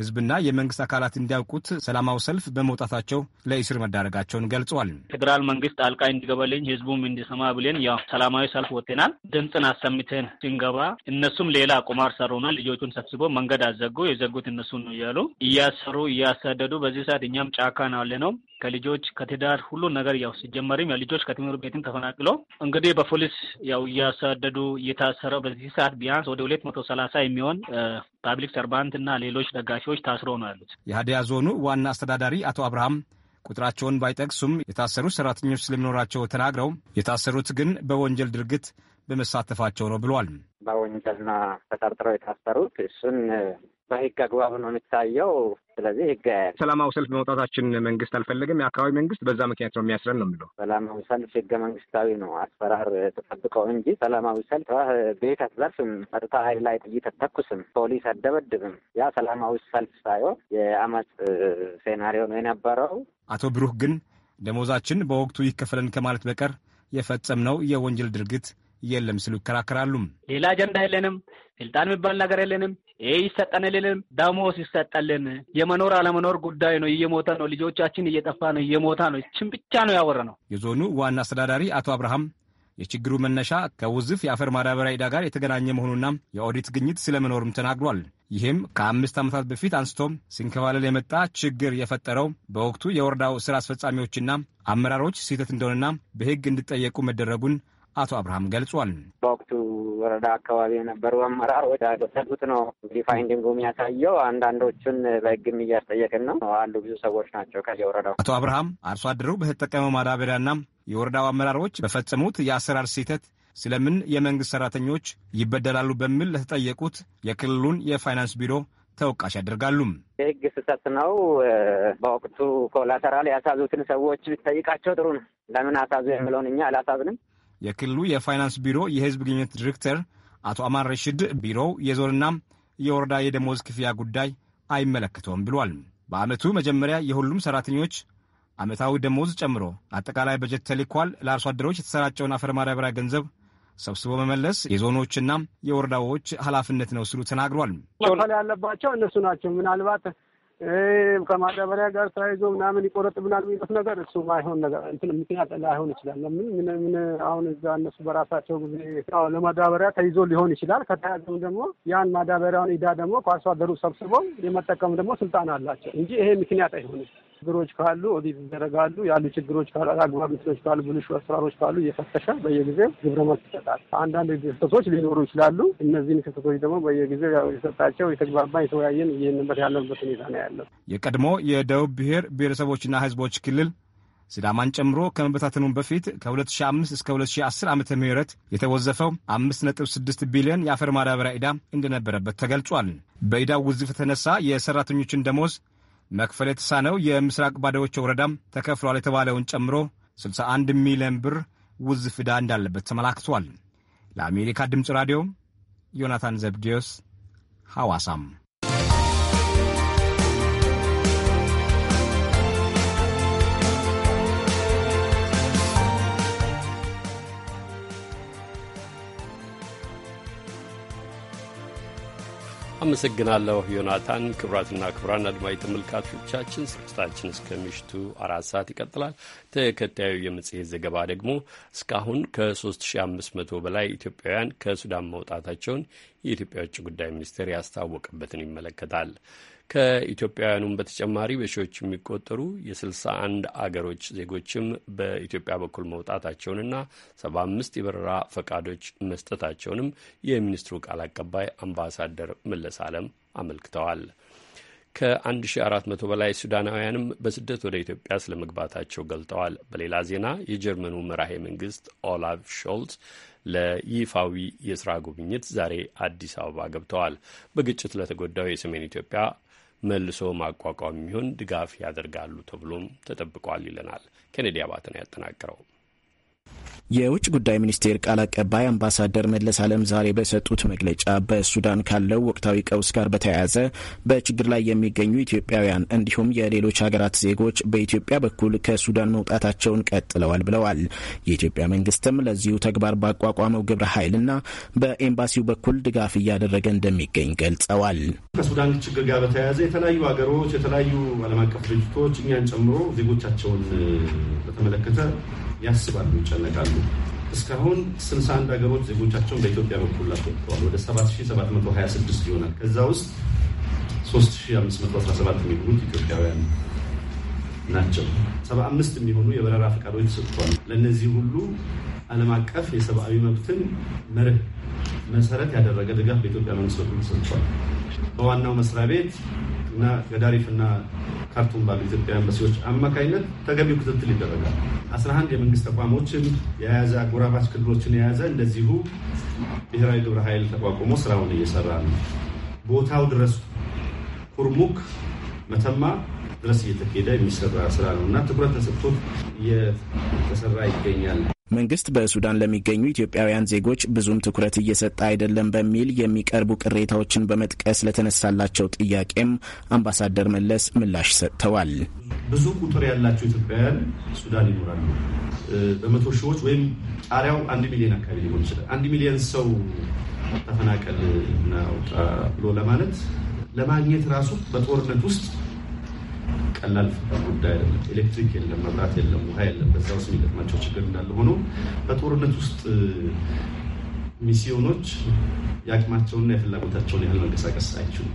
[SPEAKER 3] ህዝብና የመንግስት አካላት እንዲያውቁት ሰላማዊ ሰልፍ በመውጣታቸው ለእስር መዳረጋቸውን ገልጸዋል።
[SPEAKER 4] ፌዴራል መንግስት ጣልቃ እንዲገባልኝ ህዝቡም እንዲሰማ ብለን ያው ሰላማዊ ሰልፍ ወጥተናል። ድምፅን አሰምተን ስንገባ እነሱም ሌላ ቁማር ሰሩና ልጆቹን ሰብስቦ መንገድ አዘጉ። የዘጉት እነሱ ነው እያሉ እያሰሩ እያሳደዱ፣ በዚህ ሰዓት እኛም ጫካ ነው ያለ ነው ከልጆች ከትዳር ሁሉ ነገር ያው ሲጀመርም ልጆች ከትምህርት ቤትም ተፈናቅሎ እንግዲህ በፖሊስ ያው እያሳደዱ እየታሰረው በዚህ ሰዓት ቢያንስ ወደ ሁለት መቶ ሰላሳ የሚሆን ፓብሊክ ሰርቫንት እና ሌሎች ደጋፊዎች ታስረው ነው ያሉት።
[SPEAKER 3] የሀዲያ ዞኑ ዋና አስተዳዳሪ አቶ አብርሃም ቁጥራቸውን ባይጠቅሱም የታሰሩ ሰራተኞች ስለሚኖራቸው ተናግረው የታሰሩት ግን በወንጀል ድርጊት በመሳተፋቸው ነው ብሏል።
[SPEAKER 6] በወንጀልና ተጠርጥረው የታሰሩት እሱን በህግ አግባብ ነው የሚታየው። ስለዚህ ህግ ያያል።
[SPEAKER 3] ሰላማዊ ሰልፍ በመውጣታችን መንግስት አልፈለገም። የአካባቢ መንግስት በዛ ምክንያት ነው የሚያስረን ነው የሚለው።
[SPEAKER 6] ሰላማዊ ሰልፍ ህገ መንግስታዊ ነው አሰራር ተጠብቀው እንጂ ሰላማዊ ሰልፍ ቤት አትዘርፍም፣ ጸጥታ ኃይል ላይ ጥይት አትተኩስም፣ ፖሊስ አደበድብም። ያ ሰላማዊ ሰልፍ ሳይሆን የአመፅ ሴናሪዮ ነው የነበረው።
[SPEAKER 3] አቶ ብሩህ ግን ደሞዛችን በወቅቱ ይከፈለን ከማለት በቀር የፈጸምነው የወንጀል ድርጊት የለም ስሉ ይከራከራሉ።
[SPEAKER 4] ሌላ አጀንዳ የለንም፣ ስልጣን የሚባል ነገር የለንም። ይህ ይሰጠን የለንም። ደሞዝ ይሰጠልን። የመኖር አለመኖር ጉዳይ ነው። እየሞተ ነው። ልጆቻችን እየጠፋ ነው። እየሞታ ነው። ችን ብቻ ነው ያወረ ነው።
[SPEAKER 3] የዞኑ ዋና አስተዳዳሪ አቶ አብርሃም የችግሩ መነሻ ከውዝፍ የአፈር ማዳበሪያ ዕዳ ጋር የተገናኘ መሆኑና የኦዲት ግኝት ስለመኖሩም ተናግሯል። ይህም ከአምስት ዓመታት በፊት አንስቶ ሲንከባለል የመጣ ችግር የፈጠረው በወቅቱ የወረዳው ሥራ አስፈጻሚዎችና አመራሮች ስህተት እንደሆነና በሕግ እንዲጠየቁ መደረጉን አቶ አብርሃም ገልጿል።
[SPEAKER 6] በወቅቱ ወረዳ አካባቢ የነበሩ አመራር ወዳደረጉት ነው እንግዲህ ፋይንዲንጉ የሚያሳየው። አንዳንዶቹን በህግም እያስጠየቅን ነው አሉ። ብዙ ሰዎች ናቸው ከዚህ ወረዳው። አቶ
[SPEAKER 3] አብርሃም አርሶ አደሩ በተጠቀመው ማዳበሪያና የወረዳው አመራሮች በፈጸሙት የአሰራር ስህተት ስለምን የመንግስት ሰራተኞች ይበደላሉ በሚል ለተጠየቁት የክልሉን የፋይናንስ ቢሮ ተወቃሽ ያደርጋሉ።
[SPEAKER 6] የህግ ስህተት ነው። በወቅቱ ኮላተራል ያሳዙትን ሰዎች ቢጠይቃቸው ጥሩ ነው። ለምን አሳዙ የምለውን እኛ አላሳዝንም
[SPEAKER 3] የክልሉ የፋይናንስ ቢሮ የህዝብ ግንኙነት ዲሬክተር አቶ አማን ረሽድ ቢሮው የዞንና የወረዳ የደሞዝ ክፍያ ጉዳይ አይመለከተውም ብሏል። በዓመቱ መጀመሪያ የሁሉም ሰራተኞች ዓመታዊ ደሞዝ ጨምሮ አጠቃላይ በጀት ተልኳል። ለአርሶ አደሮች የተሰራጨውን አፈር ማዳበሪያ ገንዘብ ሰብስቦ መመለስ የዞኖችና የወረዳዎች ኃላፊነት ነው ሲሉ ተናግሯል።
[SPEAKER 11] ያለባቸው እነሱ ናቸው። ምናልባት
[SPEAKER 6] ከማዳበሪያ ጋር ተያይዞ ምናምን ይቆረጥብናል የሚሉት ነገር እሱ አይሆን ነገር እንትን ምክንያት ላይሆን ይችላል። ለምን ምን ምን አሁን እዛ እነሱ በራሳቸው ጊዜ ለማዳበሪያ ተይዞ ሊሆን ይችላል። ከተያዘም ደግሞ ያን ማዳበሪያውን ኢዳ ደግሞ ከአርሶ አደሩ ሰብስበው የመጠቀሙ ደግሞ ስልጣን አላቸው እንጂ ይሄ ምክንያት አይሆንም። ችግሮች ካሉ ኦዲት ይደረጋሉ። ያሉ ችግሮች ካሉ፣ አላግባብነቶች ካሉ፣ ብልሹ አሰራሮች ካሉ እየፈተሸ በየጊዜው ግብረ መልስ ይሰጣል። አንዳንድ ክስተቶች ሊኖሩ ይችላሉ። እነዚህን ክስተቶች ደግሞ በየጊዜው የሰጣቸው የተግባባ የተወያየን ይህንበት ያለበት ሁኔታ ነው ያለው።
[SPEAKER 3] የቀድሞ የደቡብ ብሔር ብሔረሰቦችና ህዝቦች ክልል ሲዳማን ጨምሮ ከመበታተኑ በፊት ከ2005 እስከ 2010 ዓ ም የተወዘፈው 5.6 ቢሊዮን የአፈር ማዳበሪያ ዕዳ እንደነበረበት ተገልጿል። በዕዳው ውዝፍ የተነሳ የሰራተኞችን ደሞዝ መክፈል የተሳነው የምስራቅ ባዳዎች ወረዳም ተከፍሏል የተባለውን ጨምሮ 61 ሚሊዮን ብር ውዝ ፍዳ እንዳለበት ተመላክቷል። ለአሜሪካ ድምፅ ራዲዮ ዮናታን ዘብዲዮስ ሐዋሳም
[SPEAKER 1] አመሰግናለሁ ዮናታን። ክቡራትና ክቡራን አድማጭ ተመልካቾቻችን ስርጭታችን እስከ ምሽቱ አራት ሰዓት ይቀጥላል። ተከታዩ የመጽሔት ዘገባ ደግሞ እስካሁን ከ3500 በላይ ኢትዮጵያውያን ከሱዳን መውጣታቸውን የኢትዮጵያ ውጭ ጉዳይ ሚኒስቴር ያስታወቀበትን ይመለከታል። ከኢትዮጵያውያኑም በተጨማሪ በሺዎች የሚቆጠሩ የ61 አገሮች ዜጎችም በኢትዮጵያ በኩል መውጣታቸውንና 75 የበረራ ፈቃዶች መስጠታቸውንም የሚኒስትሩ ቃል አቀባይ አምባሳደር መለስ አለም አመልክተዋል። ከ1400 በላይ ሱዳናውያንም በስደት ወደ ኢትዮጵያ ስለመግባታቸው ገልጠዋል። በሌላ ዜና የጀርመኑ መራሄ መንግስት ኦላፍ ሾልት ለይፋዊ የስራ ጉብኝት ዛሬ አዲስ አበባ ገብተዋል። በግጭት ለተጎዳው የሰሜን ኢትዮጵያ መልሶ ማቋቋም የሚሆን ድጋፍ ያደርጋሉ ተብሎም ተጠብቋል ይለናል። ኬኔዲ አባተ ያጠናቀረው።
[SPEAKER 12] የውጭ ጉዳይ ሚኒስቴር ቃል አቀባይ አምባሳደር መለስ አለም ዛሬ በሰጡት መግለጫ በሱዳን ካለው ወቅታዊ ቀውስ ጋር በተያያዘ በችግር ላይ የሚገኙ ኢትዮጵያውያን እንዲሁም የሌሎች ሀገራት ዜጎች በኢትዮጵያ በኩል ከሱዳን መውጣታቸውን ቀጥለዋል ብለዋል። የኢትዮጵያ መንግስትም ለዚሁ ተግባር ባቋቋመው ግብረ ኃይልና በኤምባሲው በኩል ድጋፍ እያደረገ እንደሚገኝ ገልጸዋል።
[SPEAKER 8] ከሱዳን ችግር ጋር በተያያዘ የተለያዩ ሀገሮች የተለያዩ ዓለም አቀፍ ድርጅቶች እኛን ጨምሮ ዜጎቻቸውን በተመለከተ ያስባሉ። ይጨነቃሉ። እስካሁን 61 ሀገሮች ዜጎቻቸውን በኢትዮጵያ በኩል አስወጥተዋል። ወደ 7726 ይሆናል። ከዛ ውስጥ 3517 የሚሆኑት ኢትዮጵያውያን ናቸው። 75 የሚሆኑ የበረራ ፈቃዶች ተሰጥቷል። ለእነዚህ ሁሉ ዓለም አቀፍ የሰብአዊ መብትን መርህ መሰረት ያደረገ ድጋፍ በኢትዮጵያ መንግስት በኩል ተሰጥቷል። በዋናው መስሪያ ቤት እና እና ካርቱም ባሉ ኢትዮጵያ ኤምባሲዎች አማካኝነት ተገቢው ክትትል ይደረጋል። 11 የመንግስት ተቋሞችን የያዘ አጎራባች ክልሎችን የያዘ እንደዚሁ ብሔራዊ ግብረ ኃይል ተቋቁሞ ስራውን እየሰራ ነው። ቦታው ድረስ ኩርሙክ፣ መተማ ድረስ እየተካሄደ የሚሰራ ስራ ነው እና ትኩረት ተሰጥቶት እየተሰራ
[SPEAKER 2] ይገኛል።
[SPEAKER 12] መንግስት በሱዳን ለሚገኙ ኢትዮጵያውያን ዜጎች ብዙም ትኩረት እየሰጠ አይደለም በሚል የሚቀርቡ ቅሬታዎችን በመጥቀስ ለተነሳላቸው ጥያቄም አምባሳደር መለስ ምላሽ ሰጥተዋል።
[SPEAKER 8] ብዙ ቁጥር ያላቸው ኢትዮጵያውያን ሱዳን ይኖራሉ። በመቶ ሺዎች ወይም ጣሪያው አንድ ሚሊዮን አካባቢ ሊሆን ይችላል። አንድ ሚሊዮን ሰው ተፈናቀል እና አውጣ ብሎ ለማለት ለማግኘት ራሱ በጦርነት ውስጥ ቀላል ጉዳይ አይደለም። ኤሌክትሪክ የለም፣ መብራት የለም፣ ውሃ የለም። በዛ ውስጥ የሚገጥማቸው ችግር እንዳለ ሆኖ በጦርነት ውስጥ ሚስዮኖች የአቅማቸውና የፍላጎታቸውን ያህል መንቀሳቀስ አይችሉም።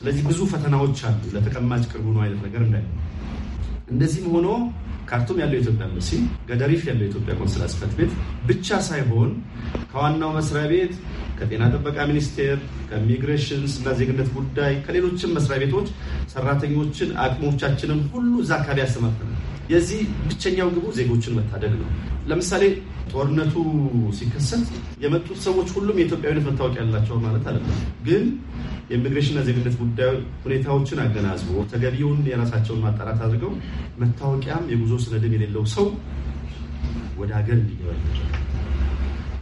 [SPEAKER 8] ስለዚህ ብዙ ፈተናዎች አሉ። ለተቀማጭ ቅርቡ ነው አይነት ነገር እንዳይ እንደዚህም ሆኖ ካርቱም ያለው የኢትዮጵያ ኤምባሲ፣ ገደሪፍ ያለው የኢትዮጵያ ቆንስላ ጽሕፈት ቤት ብቻ ሳይሆን ከዋናው መስሪያ ቤት ከጤና ጥበቃ ሚኒስቴር፣ ከኢሚግሬሽንስ እና ዜግነት ጉዳይ፣ ከሌሎችም መስሪያ ቤቶች ሰራተኞችን አቅሞቻችንን ሁሉ እዛ አካባቢ ያሰማርተናል። የዚህ ብቸኛው ግቡ ዜጎችን መታደግ ነው። ለምሳሌ ጦርነቱ ሲከሰት የመጡት ሰዎች ሁሉም የኢትዮጵያዊነት መታወቂያ ያላቸው ማለት አይደለም። ግን የኢሚግሬሽንና ዜግነት ጉዳይ ሁኔታዎችን አገናዝቦ ተገቢውን የራሳቸውን ማጣራት አድርገው መታወቂያም የጉዞ ሰነድም የሌለው ሰው ወደ ሀገር እንዲገባ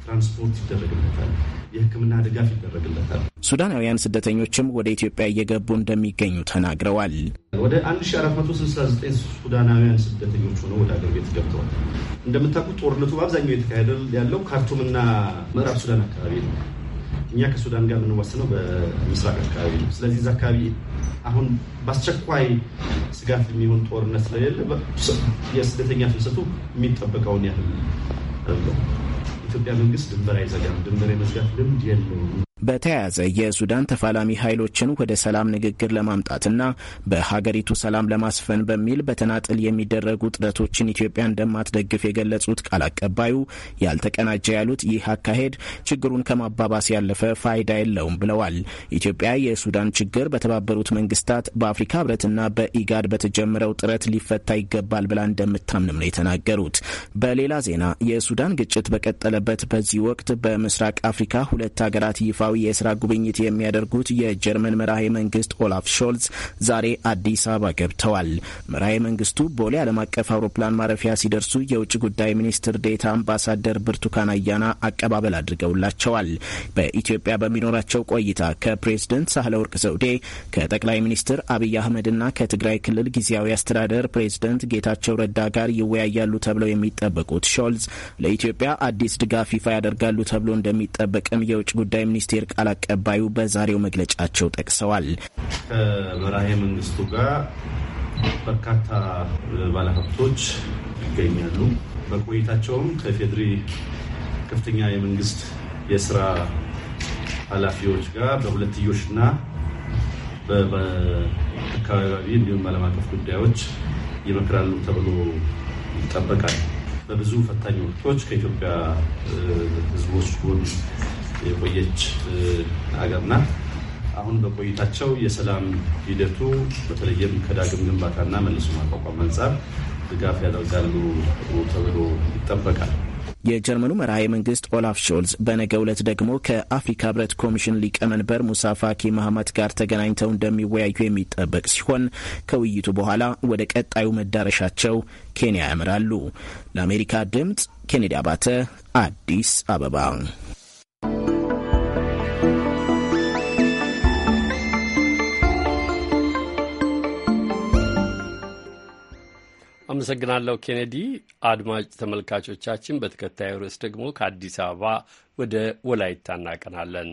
[SPEAKER 8] ትራንስፖርት ይደረግበታል። የሕክምና ድጋፍ
[SPEAKER 12] ይደረግለታል። ሱዳናውያን ስደተኞችም ወደ ኢትዮጵያ እየገቡ እንደሚገኙ ተናግረዋል።
[SPEAKER 8] ወደ 1469 ሱዳናውያን ስደተኞች ሆነው ወደ አገር ቤት ገብተዋል። እንደምታውቁት ጦርነቱ በአብዛኛው የተካሄደ ያለው ካርቱምና ምዕራብ ሱዳን አካባቢ ነው። እኛ ከሱዳን ጋር የምንዋስነው በምስራቅ አካባቢ ነው። ስለዚህ እዛ አካባቢ አሁን በአስቸኳይ ስጋት የሚሆን ጦርነት ስለሌለ የስደተኛ ፍልሰቱ የሚጠበቀውን ያህል ኢትዮጵያ መንግስት ድንበር አይዘጋም። ድንበር የመዝጋት ልምድ የለውም።
[SPEAKER 12] በተያያዘ የሱዳን ተፋላሚ ኃይሎችን ወደ ሰላም ንግግር ለማምጣትና በሀገሪቱ ሰላም ለማስፈን በሚል በተናጥል የሚደረጉ ጥረቶችን ኢትዮጵያ እንደማትደግፍ የገለጹት ቃል አቀባዩ ያልተቀናጀ ያሉት ይህ አካሄድ ችግሩን ከማባባስ ያለፈ ፋይዳ የለውም ብለዋል። ኢትዮጵያ የሱዳን ችግር በተባበሩት መንግስታት፣ በአፍሪካ ህብረትና በኢጋድ በተጀመረው ጥረት ሊፈታ ይገባል ብላ እንደምታምንም ነው የተናገሩት። በሌላ ዜና የሱዳን ግጭት በቀጠለበት በዚህ ወቅት በምስራቅ አፍሪካ ሁለት ሀገራት ይፋዊ የስራ ጉብኝት የሚያደርጉት የጀርመን መራሄ መንግስት ኦላፍ ሾልዝ ዛሬ አዲስ አበባ ገብተዋል። መራሄ መንግስቱ ቦሌ ዓለም አቀፍ አውሮፕላን ማረፊያ ሲደርሱ የውጭ ጉዳይ ሚኒስትር ዴታ አምባሳደር ብርቱካን አያና አቀባበል አድርገውላቸዋል። በኢትዮጵያ በሚኖራቸው ቆይታ ከፕሬዝደንት ሳህለወርቅ ዘውዴ ከጠቅላይ ሚኒስትር አብይ አህመድና ከትግራይ ክልል ጊዜያዊ አስተዳደር ፕሬዝደንት ጌታቸው ረዳ ጋር ይወያያሉ ተብለው የሚጠበቁት ሾልዝ ለኢትዮጵያ አዲስ ድጋፍ ይፋ ያደርጋሉ ተብሎ እንደሚጠበቅም የውጭ ጉዳይ ሚኒስቴር ሚኒስቴር ቃል አቀባዩ በዛሬው መግለጫቸው ጠቅሰዋል።
[SPEAKER 8] ከመራሄ መንግስቱ ጋር በርካታ ባለሀብቶች ይገኛሉ። በቆይታቸውም ከፌድሪ ከፍተኛ የመንግስት የስራ ኃላፊዎች ጋር በሁለትዮሽና በአካባቢ እንዲሁም በዓለም አቀፍ ጉዳዮች ይመክራሉ ተብሎ ይጠበቃል። በብዙ ፈታኝ ወቅቶች ከኢትዮጵያ ሕዝቦች ጎን የቆየች ሀገር ናት። አሁን በቆይታቸው የሰላም ሂደቱ በተለይም ከዳግም ግንባታና መልሶ ማቋቋም አንጻር ድጋፍ ያደርጋሉ ተብሎ
[SPEAKER 12] ይጠበቃል። የጀርመኑ መርሃዊ መንግስት ኦላፍ ሾልዝ በነገ ዕለት ደግሞ ከአፍሪካ ህብረት ኮሚሽን ሊቀመንበር ሙሳ ፋኪ ማህመት ጋር ተገናኝተው እንደሚወያዩ የሚጠበቅ ሲሆን ከውይይቱ በኋላ ወደ ቀጣዩ መዳረሻቸው ኬንያ ያምራሉ። ለአሜሪካ ድምፅ ኬኔዲ አባተ አዲስ አበባ
[SPEAKER 1] አመሰግናለሁ ኬኔዲ። አድማጭ ተመልካቾቻችን፣ በተከታዩ ርዕስ ደግሞ ከአዲስ አበባ ወደ ወላይታ እናቀናለን።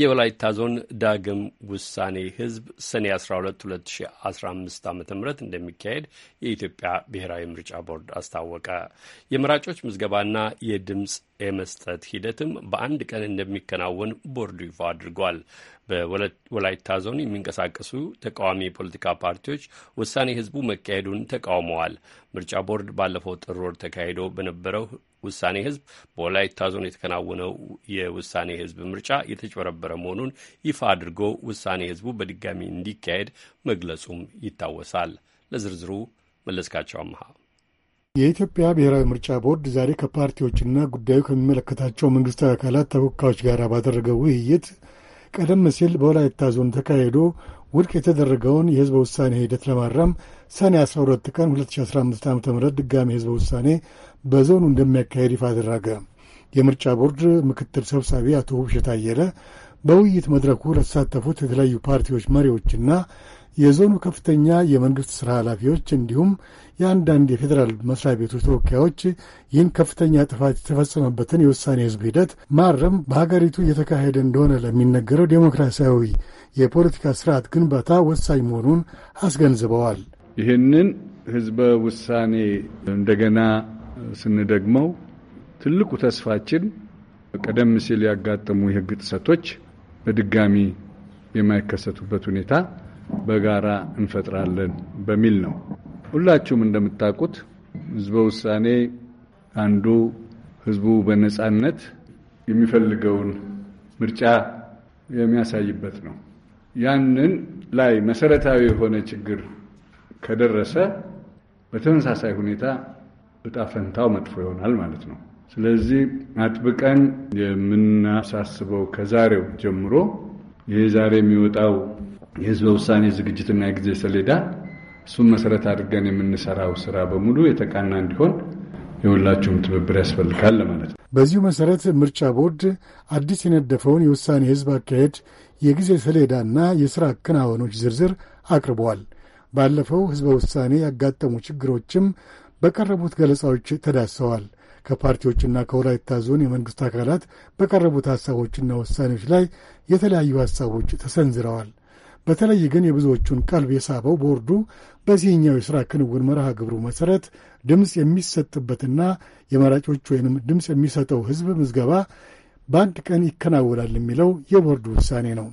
[SPEAKER 1] የወላይታ ዞን ዳግም ውሳኔ ህዝብ ሰኔ 12 2015 ዓ ም እንደሚካሄድ የኢትዮጵያ ብሔራዊ ምርጫ ቦርድ አስታወቀ። የመራጮች ምዝገባና የድምፅ የመስጠት ሂደትም በአንድ ቀን እንደሚከናወን ቦርዱ ይፋ አድርጓል። በወላይታ ዞን የሚንቀሳቀሱ ተቃዋሚ የፖለቲካ ፓርቲዎች ውሳኔ ህዝቡ መካሄዱን ተቃውመዋል። ምርጫ ቦርድ ባለፈው ጥር ወር ተካሂዶ በነበረው ውሳኔ ህዝብ በወላይታ ዞን የተከናወነው የውሳኔ ህዝብ ምርጫ የተጭበረበረ መሆኑን ይፋ አድርጎ ውሳኔ ህዝቡ በድጋሚ እንዲካሄድ መግለጹም ይታወሳል። ለዝርዝሩ መለስካቸው አመሃ
[SPEAKER 5] የኢትዮጵያ ብሔራዊ ምርጫ ቦርድ ዛሬ ከፓርቲዎችና ጉዳዩ ከሚመለከታቸው መንግስታዊ አካላት ተወካዮች ጋር ባደረገው ውይይት ቀደም ሲል በወላይታ ዞን ተካሂዶ ውድቅ የተደረገውን የህዝበ ውሳኔ ሂደት ለማራም ሰኔ 12 ቀን 2015 ዓ ም ድጋሚ ሕዝበ ውሳኔ በዞኑ እንደሚያካሄድ ይፋ አደረገ። የምርጫ ቦርድ ምክትል ሰብሳቢ አቶ ውብሸት አየለ በውይይት መድረኩ ለተሳተፉት የተለያዩ ፓርቲዎች መሪዎችና የዞኑ ከፍተኛ የመንግሥት ሥራ ኃላፊዎች እንዲሁም የአንዳንድ የፌዴራል መስሪያ ቤቶች ተወካዮች ይህን ከፍተኛ ጥፋት የተፈጸመበትን የውሳኔ ሕዝብ ሂደት ማረም በሀገሪቱ እየተካሄደ እንደሆነ ለሚነገረው ዴሞክራሲያዊ የፖለቲካ ስርዓት ግንባታ ወሳኝ መሆኑን አስገንዝበዋል።
[SPEAKER 13] ይህንን ሕዝበ ውሳኔ እንደገና ስንደግመው ትልቁ ተስፋችን ቀደም ሲል ያጋጠሙ የህግ ጥሰቶች በድጋሚ የማይከሰቱበት ሁኔታ በጋራ እንፈጥራለን በሚል ነው። ሁላችሁም እንደምታውቁት ህዝበ ውሳኔ አንዱ ህዝቡ በነፃነት የሚፈልገውን ምርጫ የሚያሳይበት ነው። ያንን ላይ መሰረታዊ የሆነ ችግር ከደረሰ በተመሳሳይ ሁኔታ እጣ ፈንታው መጥፎ ይሆናል ማለት ነው። ስለዚህ አጥብቀን የምናሳስበው ከዛሬው ጀምሮ ይሄ ዛሬ የሚወጣው የህዝበ ውሳኔ ዝግጅትና የጊዜ ሰሌዳ እሱን መሰረት አድርገን የምንሰራው ስራ በሙሉ የተቃና እንዲሆን የሁላችሁም ትብብር ያስፈልጋል ማለት ነው።
[SPEAKER 5] በዚሁ መሰረት ምርጫ ቦርድ አዲስ የነደፈውን የውሳኔ ህዝብ አካሄድ የጊዜ ሰሌዳና የሥራ አከናወኖች ዝርዝር አቅርበዋል። ባለፈው ህዝበ ውሳኔ ያጋጠሙ ችግሮችም በቀረቡት ገለጻዎች ተዳሰዋል። ከፓርቲዎችና ከወላይታ ዞን የመንግሥት አካላት በቀረቡት ሐሳቦችና ውሳኔዎች ላይ የተለያዩ ሐሳቦች ተሰንዝረዋል። በተለይ ግን የብዙዎቹን ቀልብ የሳበው ቦርዱ በዚህኛው የሥራ ክንውን መርሃ ግብሩ መሠረት ድምፅ የሚሰጥበትና የመራጮች ወይንም ድምፅ የሚሰጠው ሕዝብ ምዝገባ በአንድ ቀን ይከናወናል የሚለው የቦርዱ ውሳኔ ነው።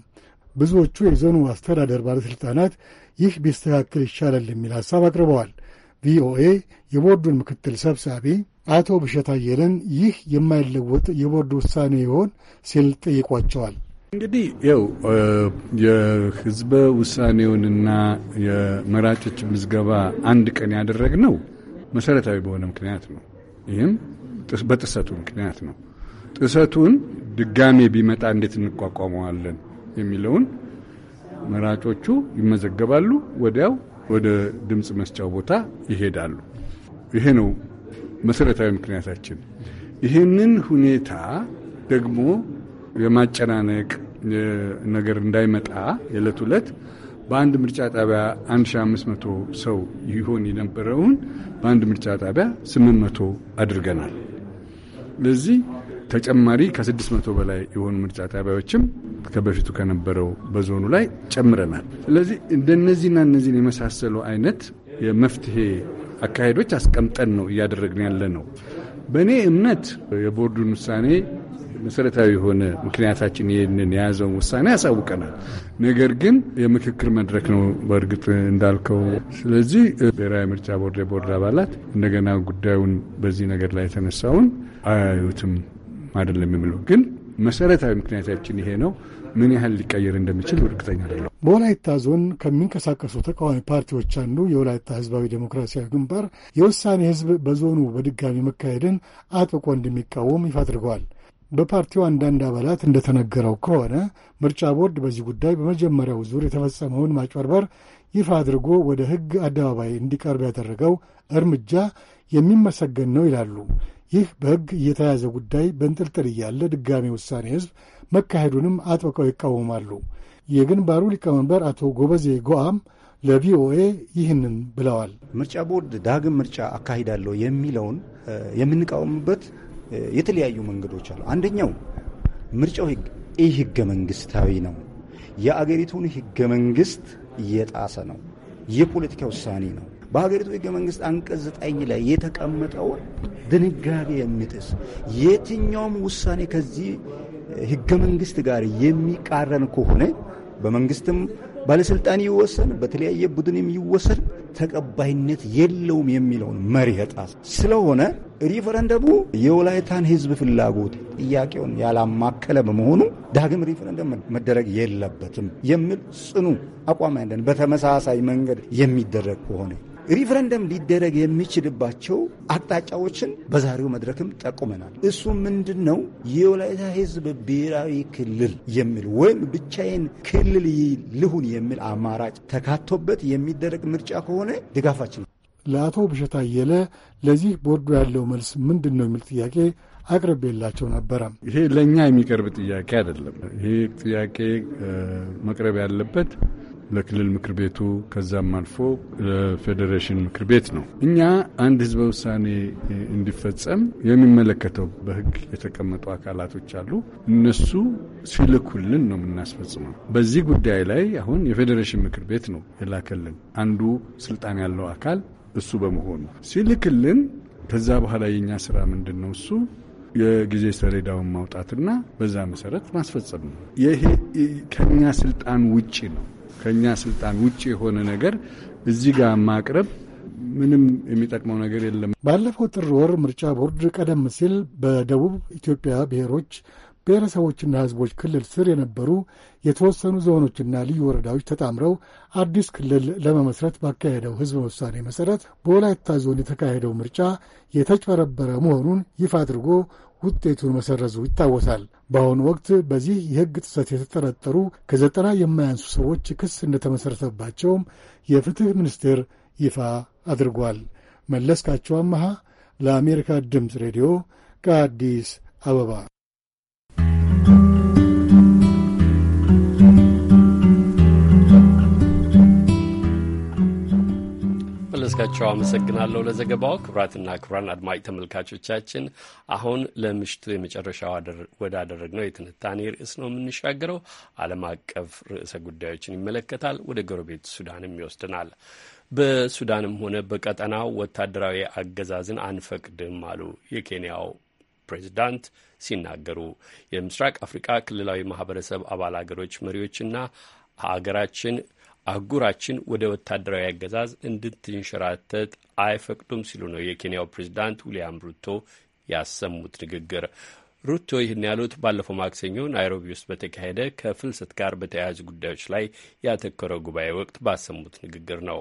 [SPEAKER 5] ብዙዎቹ የዞኑ አስተዳደር ባለሥልጣናት ይህ ቢስተካከል ይሻላል የሚል ሐሳብ አቅርበዋል። ቪኦኤ የቦርዱን ምክትል ሰብሳቢ አቶ ብሸት አየለን ይህ የማይለወጥ የቦርድ ውሳኔ ይሆን ሲል ጠይቋቸዋል።
[SPEAKER 13] እንግዲህ ያው የህዝበ ውሳኔውንና የመራጮች ምዝገባ አንድ ቀን ያደረግ ነው መሰረታዊ በሆነ ምክንያት ነው። ይህም በጥሰቱ ምክንያት ነው። ጥሰቱን ድጋሜ ቢመጣ እንዴት እንቋቋመዋለን የሚለውን መራጮቹ ይመዘገባሉ፣ ወዲያው ወደ ድምፅ መስጫው ቦታ ይሄዳሉ። ይሄ ነው መሰረታዊ ምክንያታችን። ይህንን ሁኔታ ደግሞ የማጨናነቅ ነገር እንዳይመጣ የዕለት ዕለት በአንድ ምርጫ ጣቢያ 1500 ሰው ይሆን የነበረውን በአንድ ምርጫ ጣቢያ 800 አድርገናል። ለዚህ ተጨማሪ ከ600 በላይ የሆኑ ምርጫ ጣቢያዎችም ከበፊቱ ከነበረው በዞኑ ላይ ጨምረናል። ስለዚህ እንደነዚህና እነዚህን የመሳሰሉ አይነት የመፍትሄ አካሄዶች አስቀምጠን ነው እያደረግን ያለ ነው። በእኔ እምነት የቦርዱን ውሳኔ መሰረታዊ የሆነ ምክንያታችን ይህንን የያዘውን ውሳኔ ያሳውቀናል። ነገር ግን የምክክር መድረክ ነው በእርግጥ እንዳልከው። ስለዚህ ብሔራዊ ምርጫ ቦርድ የቦርድ አባላት እንደገና ጉዳዩን በዚህ ነገር ላይ የተነሳውን አያዩትም አይደለም የሚለው ግን መሰረታዊ ምክንያታችን ይሄ ነው። ምን ያህል ሊቀየር እንደሚችል እርግጠኛ ለው
[SPEAKER 5] በወላይታ ዞን ከሚንቀሳቀሱ ተቃዋሚ ፓርቲዎች አንዱ የወላይታ ህዝባዊ ዴሞክራሲያዊ ግንባር የውሳኔ ህዝብ በዞኑ በድጋሚ መካሄድን አጥብቆ እንደሚቃወም ይፋ አድርገዋል። በፓርቲው አንዳንድ አባላት እንደተነገረው ከሆነ ምርጫ ቦርድ በዚህ ጉዳይ በመጀመሪያው ዙር የተፈጸመውን ማጭበርበር ይፋ አድርጎ ወደ ሕግ አደባባይ እንዲቀርብ ያደረገው እርምጃ የሚመሰገን ነው ይላሉ። ይህ በሕግ እየተያዘ ጉዳይ በንጥልጥል እያለ ድጋሚ ውሳኔ ሕዝብ መካሄዱንም አጥብቀው ይቃወማሉ። የግንባሩ ሊቀመንበር አቶ ጎበዜ ጎአም ለቪኦኤ ይህንን
[SPEAKER 11] ብለዋል። ምርጫ ቦርድ ዳግም ምርጫ አካሂዳለሁ የሚለውን የምንቃወምበት የተለያዩ መንገዶች አሉ። አንደኛው ምርጫው ይህ ህገ መንግስታዊ ነው። የአገሪቱን ህገ መንግስት እየጣሰ ነው። የፖለቲካ ውሳኔ ነው። በሀገሪቱ ህገ መንግስት አንቀጽ ዘጠኝ ላይ የተቀመጠውን ድንጋጌ የሚጥስ የትኛውም ውሳኔ ከዚህ ህገ መንግስት ጋር የሚቃረን ከሆነ በመንግስትም ባለስልጣን ይወሰን፣ በተለያየ ቡድን የሚወሰን ተቀባይነት የለውም የሚለውን መሪ ስለሆነ ሪፈረንደሙ የወላይታን ህዝብ ፍላጎት ጥያቄውን ያላማከለ በመሆኑ ዳግም ሪፈረንደም መደረግ የለበትም የሚል ጽኑ አቋም ያለን፣ በተመሳሳይ መንገድ የሚደረግ ከሆነ ሪፍረንደም ሊደረግ የሚችልባቸው አቅጣጫዎችን በዛሬው መድረክም ጠቁመናል። እሱ ምንድን ነው? የወላይታ ህዝብ ብሔራዊ ክልል የሚል ወይም ብቻዬን ክልል ልሁን የሚል አማራጭ ተካቶበት የሚደረግ ምርጫ ከሆነ ድጋፋችን
[SPEAKER 5] ለአቶ ብሸታ አየለ ለዚህ ቦርዱ ያለው መልስ ምንድን ነው የሚል ጥያቄ አቅርቤላቸው ነበረ።
[SPEAKER 13] ይሄ ለእኛ የሚቀርብ ጥያቄ አይደለም። ይሄ ጥያቄ መቅረብ ያለበት ለክልል ምክር ቤቱ ከዛም አልፎ ለፌዴሬሽን ምክር ቤት ነው። እኛ አንድ ህዝበ ውሳኔ እንዲፈጸም የሚመለከተው በህግ የተቀመጡ አካላቶች አሉ። እነሱ ሲልኩልን ነው የምናስፈጽመው። በዚህ ጉዳይ ላይ አሁን የፌዴሬሽን ምክር ቤት ነው የላከልን አንዱ ስልጣን ያለው አካል እሱ በመሆኑ ሲልክልን፣ ከዛ በኋላ የእኛ ስራ ምንድን ነው እሱ የጊዜ ሰሌዳውን ማውጣትና በዛ መሰረት ማስፈጸም ነው። ይሄ ከኛ ስልጣን ውጪ ነው። ከእኛ ስልጣን ውጭ የሆነ ነገር እዚህ ጋር ማቅረብ ምንም የሚጠቅመው ነገር የለም። ባለፈው ጥር ወር ምርጫ ቦርድ ቀደም
[SPEAKER 5] ሲል በደቡብ ኢትዮጵያ ብሔሮች ብሔረሰቦችና ሕዝቦች ክልል ስር የነበሩ የተወሰኑ ዞኖችና ልዩ ወረዳዎች ተጣምረው አዲስ ክልል ለመመስረት ባካሄደው ሕዝበ ውሳኔ መሠረት በወላይታ ዞን የተካሄደው ምርጫ የተጭበረበረ መሆኑን ይፋ አድርጎ ውጤቱን መሰረዙ ይታወሳል። በአሁኑ ወቅት በዚህ የሕግ ጥሰት የተጠረጠሩ ከዘጠና የማያንሱ ሰዎች ክስ እንደተመሠረተባቸውም የፍትሕ ሚኒስቴር ይፋ አድርጓል። መለስካቸው አመሃ ለአሜሪካ ድምፅ ሬዲዮ ከአዲስ አበባ
[SPEAKER 1] መለስካቸው አመሰግናለሁ ለዘገባው። ክብራትና ክብራን አድማጭ ተመልካቾቻችን አሁን ለምሽቱ የመጨረሻ ወዳደረግነው የትንታኔ ርዕስ ነው የምንሻገረው። ዓለም አቀፍ ርዕሰ ጉዳዮችን ይመለከታል። ወደ ጎረቤት ሱዳንም ይወስድናል። በሱዳንም ሆነ በቀጠናው ወታደራዊ አገዛዝን አንፈቅድም አሉ የኬንያው ፕሬዚዳንት ሲናገሩ የምስራቅ አፍሪቃ ክልላዊ ማህበረሰብ አባል አገሮች መሪዎችና ሀገራችን አህጉራችን ወደ ወታደራዊ አገዛዝ እንድትንሸራተት አይፈቅዱም ሲሉ ነው የኬንያው ፕሬዚዳንት ዊልያም ሩቶ ያሰሙት ንግግር። ሩቶ ይህን ያሉት ባለፈው ማክሰኞ ናይሮቢ ውስጥ በተካሄደ ከፍልሰት ጋር በተያያዙ ጉዳዮች ላይ ያተኮረ ጉባኤ ወቅት ባሰሙት ንግግር ነው።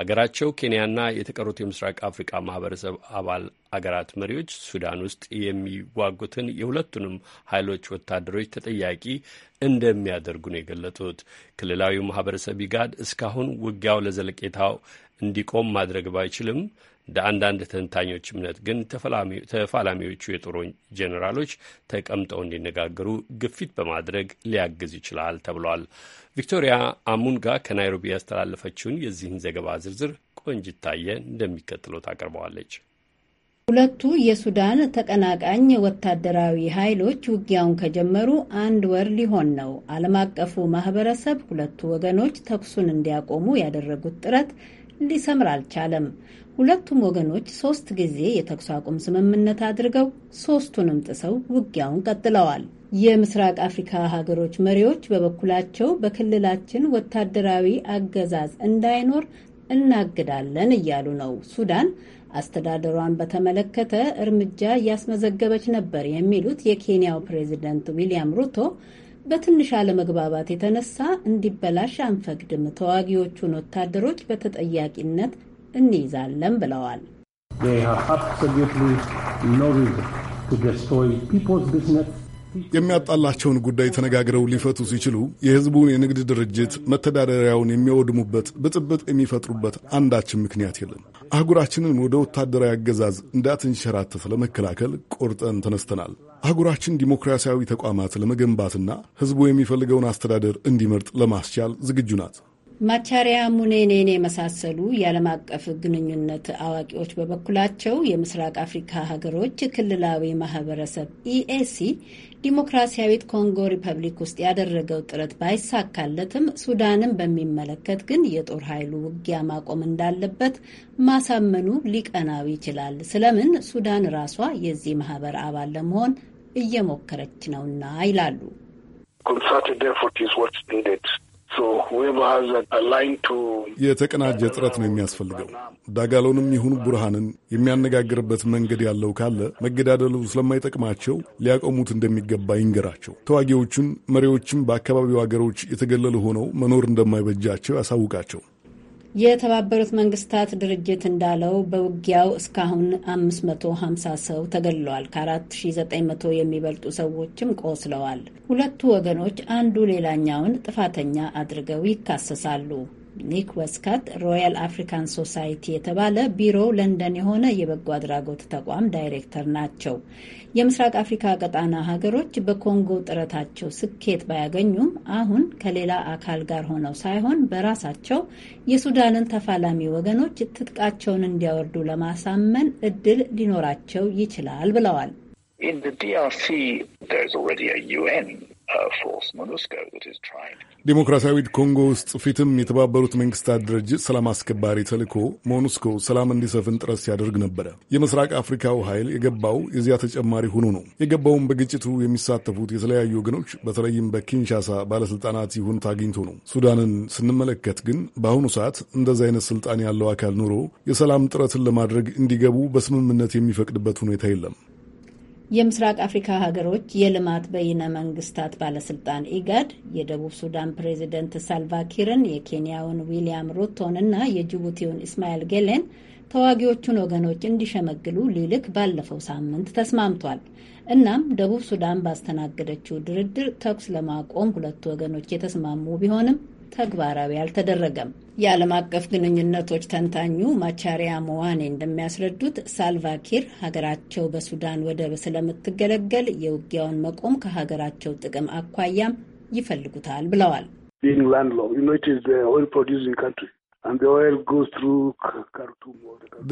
[SPEAKER 1] አገራቸው ኬንያና የተቀሩት የምስራቅ አፍሪቃ ማህበረሰብ አባል አገራት መሪዎች ሱዳን ውስጥ የሚዋጉትን የሁለቱንም ኃይሎች ወታደሮች ተጠያቂ እንደሚያደርጉ ነው የገለጡት። ክልላዊ ማህበረሰብ ኢጋድ እስካሁን ውጊያው ለዘለቄታው እንዲቆም ማድረግ ባይችልም እንደ አንዳንድ ተንታኞች እምነት ግን ተፋላሚዎቹ የጦር ጄኔራሎች ተቀምጠው እንዲነጋገሩ ግፊት በማድረግ ሊያግዝ ይችላል ተብሏል። ቪክቶሪያ አሙንጋ ከናይሮቢ ያስተላለፈችውን የዚህን ዘገባ ዝርዝር ቆንጅታየ እንደሚከትለው ታቀርበዋለች።
[SPEAKER 9] ሁለቱ የሱዳን ተቀናቃኝ ወታደራዊ ኃይሎች ውጊያውን ከጀመሩ አንድ ወር ሊሆን ነው። ዓለም አቀፉ ማህበረሰብ ሁለቱ ወገኖች ተኩሱን እንዲያቆሙ ያደረጉት ጥረት ሊሰምር አልቻለም። ሁለቱም ወገኖች ሶስት ጊዜ የተኩስ አቁም ስምምነት አድርገው ሶስቱንም ጥሰው ውጊያውን ቀጥለዋል። የምስራቅ አፍሪካ ሀገሮች መሪዎች በበኩላቸው በክልላችን ወታደራዊ አገዛዝ እንዳይኖር እናግዳለን እያሉ ነው። ሱዳን አስተዳደሯን በተመለከተ እርምጃ እያስመዘገበች ነበር የሚሉት የኬንያው ፕሬዚደንት ዊሊያም ሩቶ በትንሽ አለመግባባት የተነሳ እንዲበላሽ አንፈቅድም። ተዋጊዎቹን ወታደሮች በተጠያቂነት እንይዛለን ብለዋል።
[SPEAKER 7] የሚያጣላቸውን ጉዳይ ተነጋግረው ሊፈቱ ሲችሉ የሕዝቡን የንግድ ድርጅት መተዳደሪያውን የሚያወድሙበት ብጥብጥ የሚፈጥሩበት አንዳችን ምክንያት የለም። አህጉራችንን ወደ ወታደራዊ አገዛዝ እንዳትንሸራተት ለመከላከል ቆርጠን ተነስተናል። አህጉራችን ዲሞክራሲያዊ ተቋማት ለመገንባትና ሕዝቡ የሚፈልገውን አስተዳደር እንዲመርጥ ለማስቻል ዝግጁ ናት።
[SPEAKER 9] ማቻሪያ ሙኔኔን የመሳሰሉ የዓለም አቀፍ ግንኙነት አዋቂዎች በበኩላቸው የምስራቅ አፍሪካ ሀገሮች ክልላዊ ማህበረሰብ ኢኤሲ e ዲሞክራሲያዊት ኮንጎ ሪፐብሊክ ውስጥ ያደረገው ጥረት ባይሳካለትም ሱዳንን በሚመለከት ግን የጦር ኃይሉ ውጊያ ማቆም እንዳለበት ማሳመኑ ሊቀናው ይችላል። ስለምን ሱዳን ራሷ የዚህ ማህበር አባል ለመሆን እየሞከረች ነውና ይላሉ። የተቀናጀ
[SPEAKER 7] ጥረት ነው የሚያስፈልገው። ዳጋሎንም ይሁን ቡርሃንን የሚያነጋግርበት መንገድ ያለው ካለ መገዳደሉ ስለማይጠቅማቸው ሊያቆሙት እንደሚገባ ይንገራቸው። ተዋጊዎቹን መሪዎችም በአካባቢው ሀገሮች የተገለሉ ሆነው መኖር እንደማይበጃቸው ያሳውቃቸው።
[SPEAKER 9] የተባበሩት መንግስታት ድርጅት እንዳለው በውጊያው እስካሁን 550 ሰው ተገድለዋል። ከ4900 የሚበልጡ ሰዎችም ቆስለዋል። ሁለቱ ወገኖች አንዱ ሌላኛውን ጥፋተኛ አድርገው ይካሰሳሉ። ኒክ ወስካት ሮያል አፍሪካን ሶሳይቲ የተባለ ቢሮው ለንደን የሆነ የበጎ አድራጎት ተቋም ዳይሬክተር ናቸው። የምስራቅ አፍሪካ ቀጣና ሀገሮች በኮንጎ ጥረታቸው ስኬት ባያገኙም አሁን ከሌላ አካል ጋር ሆነው ሳይሆን በራሳቸው የሱዳንን ተፋላሚ ወገኖች ትጥቃቸውን እንዲያወርዱ ለማሳመን እድል ሊኖራቸው ይችላል ብለዋል።
[SPEAKER 7] ዴሞክራሲያዊት ኮንጎ ውስጥ ፊትም የተባበሩት መንግስታት ድርጅት ሰላም አስከባሪ ተልእኮ ሞኑስኮ ሰላም እንዲሰፍን ጥረት ሲያደርግ ነበረ። የምስራቅ አፍሪካው ኃይል የገባው የዚያ ተጨማሪ ሆኖ ነው። የገባውም በግጭቱ የሚሳተፉት የተለያዩ ወገኖች በተለይም በኪንሻሳ ባለስልጣናት ይሁን ታግኝቶ ነው። ሱዳንን ስንመለከት ግን በአሁኑ ሰዓት እንደዚህ አይነት ስልጣን ያለው አካል ኑሮ የሰላም ጥረትን ለማድረግ እንዲገቡ በስምምነት የሚፈቅድበት ሁኔታ የለም።
[SPEAKER 9] የምስራቅ አፍሪካ ሀገሮች የልማት በይነ መንግስታት ባለስልጣን ኢጋድ የደቡብ ሱዳን ፕሬዚደንት ሳልቫኪርን፣ የኬንያውን ዊሊያም እና የጅቡቲውን ኢስማኤል ጌሌን ተዋጊዎቹን ወገኖች እንዲሸመግሉ ሊልክ ባለፈው ሳምንት ተስማምቷል። እናም ደቡብ ሱዳን ባስተናገደችው ድርድር ተኩስ ለማቆም ሁለቱ ወገኖች የተስማሙ ቢሆንም ተግባራዊ አልተደረገም። የዓለም አቀፍ ግንኙነቶች ተንታኙ ማቻሪያ መዋኔ እንደሚያስረዱት ሳልቫኪር ሀገራቸው በሱዳን ወደብ ስለምትገለገል የውጊያውን መቆም ከሀገራቸው ጥቅም አኳያም ይፈልጉታል ብለዋል።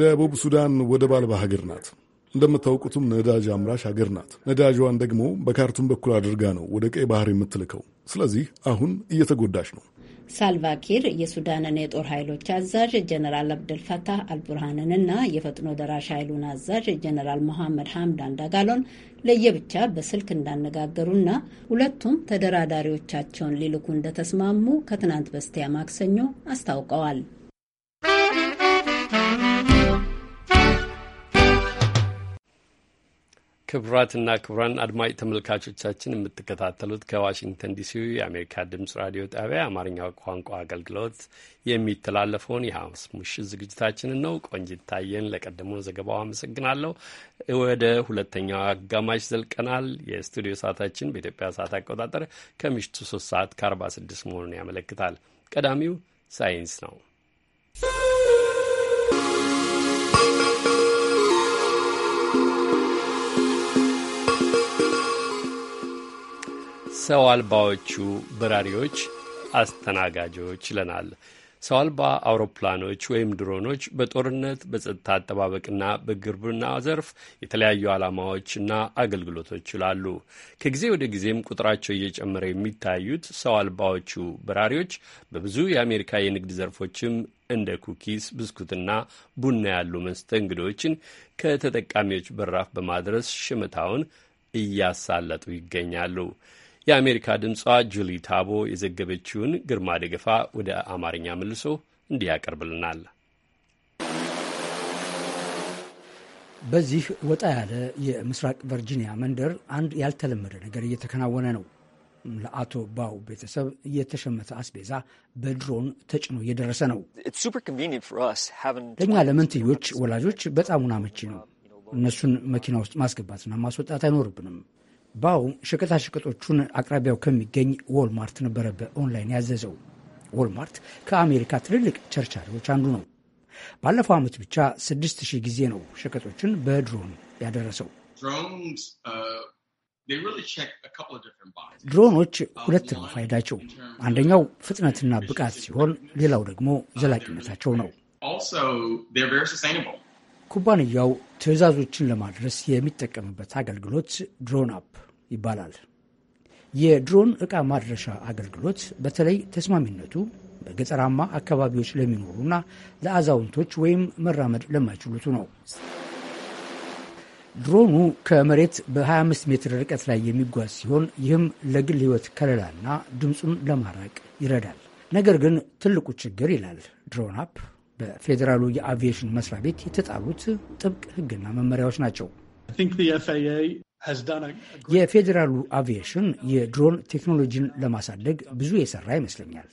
[SPEAKER 7] ደቡብ ሱዳን ወደብ አልባ ሀገር ናት። እንደምታውቁትም ነዳጅ አምራች ሀገር ናት። ነዳጇን ደግሞ በካርቱም በኩል አድርጋ ነው ወደ ቀይ ባህር የምትልከው። ስለዚህ አሁን እየተጎዳች ነው።
[SPEAKER 9] ሳልቫኪር የሱዳንን የጦር ኃይሎች አዛዥ ጀነራል አብደልፈታህ አልቡርሃንን እና የፈጥኖ ደራሽ ኃይሉን አዛዥ ጀነራል መሐመድ ሐምዳን ዳጋሎን ለየብቻ በስልክ እንዳነጋገሩና ሁለቱም ተደራዳሪዎቻቸውን ሊልኩ እንደተስማሙ ከትናንት በስቲያ ማክሰኞ አስታውቀዋል።
[SPEAKER 1] ክቡራትና ክቡራን አድማጭ ተመልካቾቻችን የምትከታተሉት ከዋሽንግተን ዲሲ የአሜሪካ ድምጽ ራዲዮ ጣቢያ የአማርኛ ቋንቋ አገልግሎት የሚተላለፈውን የሐሙስ ምሽት ዝግጅታችንን ነው። ቆንጂት ታየን ለቀደመው ዘገባው አመሰግናለሁ። ወደ ሁለተኛው አጋማሽ ዘልቀናል። የስቱዲዮ ሰዓታችን በኢትዮጵያ ሰዓት አቆጣጠር ከምሽቱ ሶስት ሰዓት ከአርባ ስድስት መሆኑን ያመለክታል። ቀዳሚው ሳይንስ ነው። ሰው አልባዎቹ በራሪዎች አስተናጋጆች ይለናል። ሰው አልባ አውሮፕላኖች ወይም ድሮኖች በጦርነት በጸጥታ አጠባበቅና በግብርና ዘርፍ የተለያዩ ዓላማዎችና አገልግሎቶች ይላሉ። ከጊዜ ወደ ጊዜም ቁጥራቸው እየጨመረ የሚታዩት ሰው አልባዎቹ በራሪዎች በብዙ የአሜሪካ የንግድ ዘርፎችም እንደ ኩኪስ፣ ብስኩትና ቡና ያሉ መስተንግዶችን ከተጠቃሚዎች በራፍ በማድረስ ሽምታውን እያሳለጡ ይገኛሉ። የአሜሪካ ድምጿ ጁሊ ታቦ የዘገበችውን ግርማ ደገፋ ወደ አማርኛ መልሶ እንዲህ ያቀርብልናል።
[SPEAKER 14] በዚህ ወጣ ያለ የምስራቅ ቨርጂኒያ መንደር አንድ ያልተለመደ ነገር እየተከናወነ ነው። ለአቶ ባው ቤተሰብ የተሸመተ አስቤዛ በድሮን ተጭኖ እየደረሰ ነው። ለእኛ ለመንትዮች ወላጆች በጣም ናመቺ ነው። እነሱን መኪና ውስጥ ማስገባትና ማስወጣት አይኖርብንም። ባው ሸቀጣሸቀጦቹን አቅራቢያው ከሚገኝ ዎልማርት ነበረ በኦንላይን ያዘዘው። ዎልማርት ከአሜሪካ ትልልቅ ቸርቻሪዎች አንዱ ነው። ባለፈው ዓመት ብቻ ስድስት ሺህ ጊዜ ነው ሸቀጦችን በድሮን ያደረሰው።
[SPEAKER 2] uh,
[SPEAKER 14] ድሮኖች ሁለት ነው uh, ፋይዳቸው። አንደኛው ፍጥነትና ብቃት ሲሆን፣ ሌላው ደግሞ ዘላቂነታቸው ነው። ኩባንያው ትዕዛዞችን ለማድረስ የሚጠቀምበት አገልግሎት ድሮን አፕ ይባላል። የድሮን ዕቃ ማድረሻ አገልግሎት በተለይ ተስማሚነቱ በገጠራማ አካባቢዎች ለሚኖሩና ለአዛውንቶች ወይም መራመድ ለማይችሉቱ ነው። ድሮኑ ከመሬት በ25 ሜትር ርቀት ላይ የሚጓዝ ሲሆን ይህም ለግል ሕይወት ከለላና ድምፁን ለማራቅ ይረዳል። ነገር ግን ትልቁ ችግር ይላል ድሮን አፕ በፌዴራሉ የአቪዬሽን መስሪያ ቤት የተጣሉት ጥብቅ ሕግና መመሪያዎች ናቸው። የፌዴራሉ አቪዬሽን የድሮን ቴክኖሎጂን ለማሳደግ ብዙ የሰራ ይመስለኛል።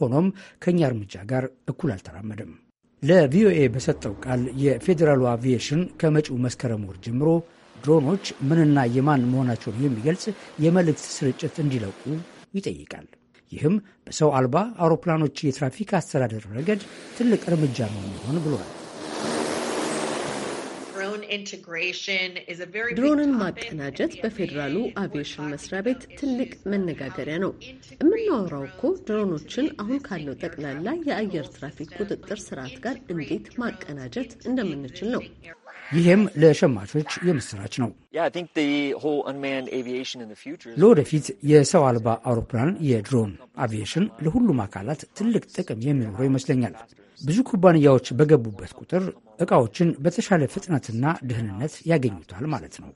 [SPEAKER 14] ሆኖም ከእኛ እርምጃ ጋር እኩል አልተራመደም። ለቪኦኤ በሰጠው ቃል የፌዴራሉ አቪዬሽን ከመጪው መስከረም ወር ጀምሮ ድሮኖች ምንና የማን መሆናቸውን የሚገልጽ የመልእክት ስርጭት እንዲለቁ ይጠይቃል። ይህም በሰው አልባ አውሮፕላኖች የትራፊክ አስተዳደር ረገድ ትልቅ እርምጃ ነው
[SPEAKER 10] የሚሆን ብሏል። ድሮንን ማቀናጀት በፌዴራሉ አቪዬሽን መስሪያ ቤት ትልቅ መነጋገሪያ ነው። የምናወራው እኮ ድሮኖችን አሁን ካለው ጠቅላላ የአየር ትራፊክ ቁጥጥር ስርዓት ጋር እንዴት ማቀናጀት እንደምንችል ነው።
[SPEAKER 14] ይህም ለሸማቾች የምስራች ነው። ለወደፊት የሰው አልባ አውሮፕላን የድሮን አቪዬሽን ለሁሉም አካላት ትልቅ ጥቅም የሚኖረው ይመስለኛል። ብዙ ኩባንያዎች በገቡበት ቁጥር እቃዎችን በተሻለ ፍጥነትና ደህንነት ያገኙታል ማለት ነው።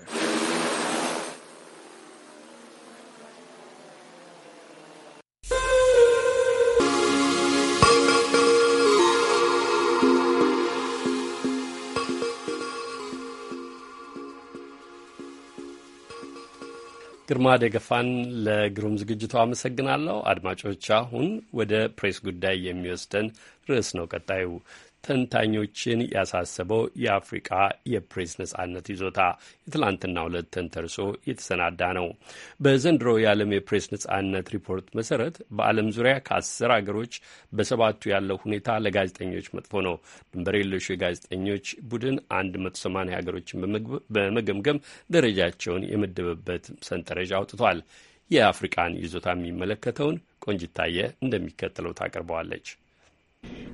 [SPEAKER 1] ግርማ ደገፋን ለግሩም ዝግጅቱ አመሰግናለሁ። አድማጮች፣ አሁን ወደ ፕሬስ ጉዳይ የሚወስደን ርዕስ ነው ቀጣዩ ተንታኞችን ያሳሰበው የአፍሪቃ የፕሬስ ነጻነት ይዞታ የትላንትና ሁለት ተንተርሶ የተሰናዳ ነው። በዘንድሮ የዓለም የፕሬስ ነጻነት ሪፖርት መሰረት በዓለም ዙሪያ ከአስር አገሮች በሰባቱ ያለው ሁኔታ ለጋዜጠኞች መጥፎ ነው። ድንበር የለሹ የጋዜጠኞች ቡድን 180 ሀገሮችን በመገምገም ደረጃቸውን የመደበበት ሰንጠረዥ አውጥቷል። የአፍሪቃን ይዞታ የሚመለከተውን ቆንጅታየ እንደሚከተለው ታቀርበዋለች።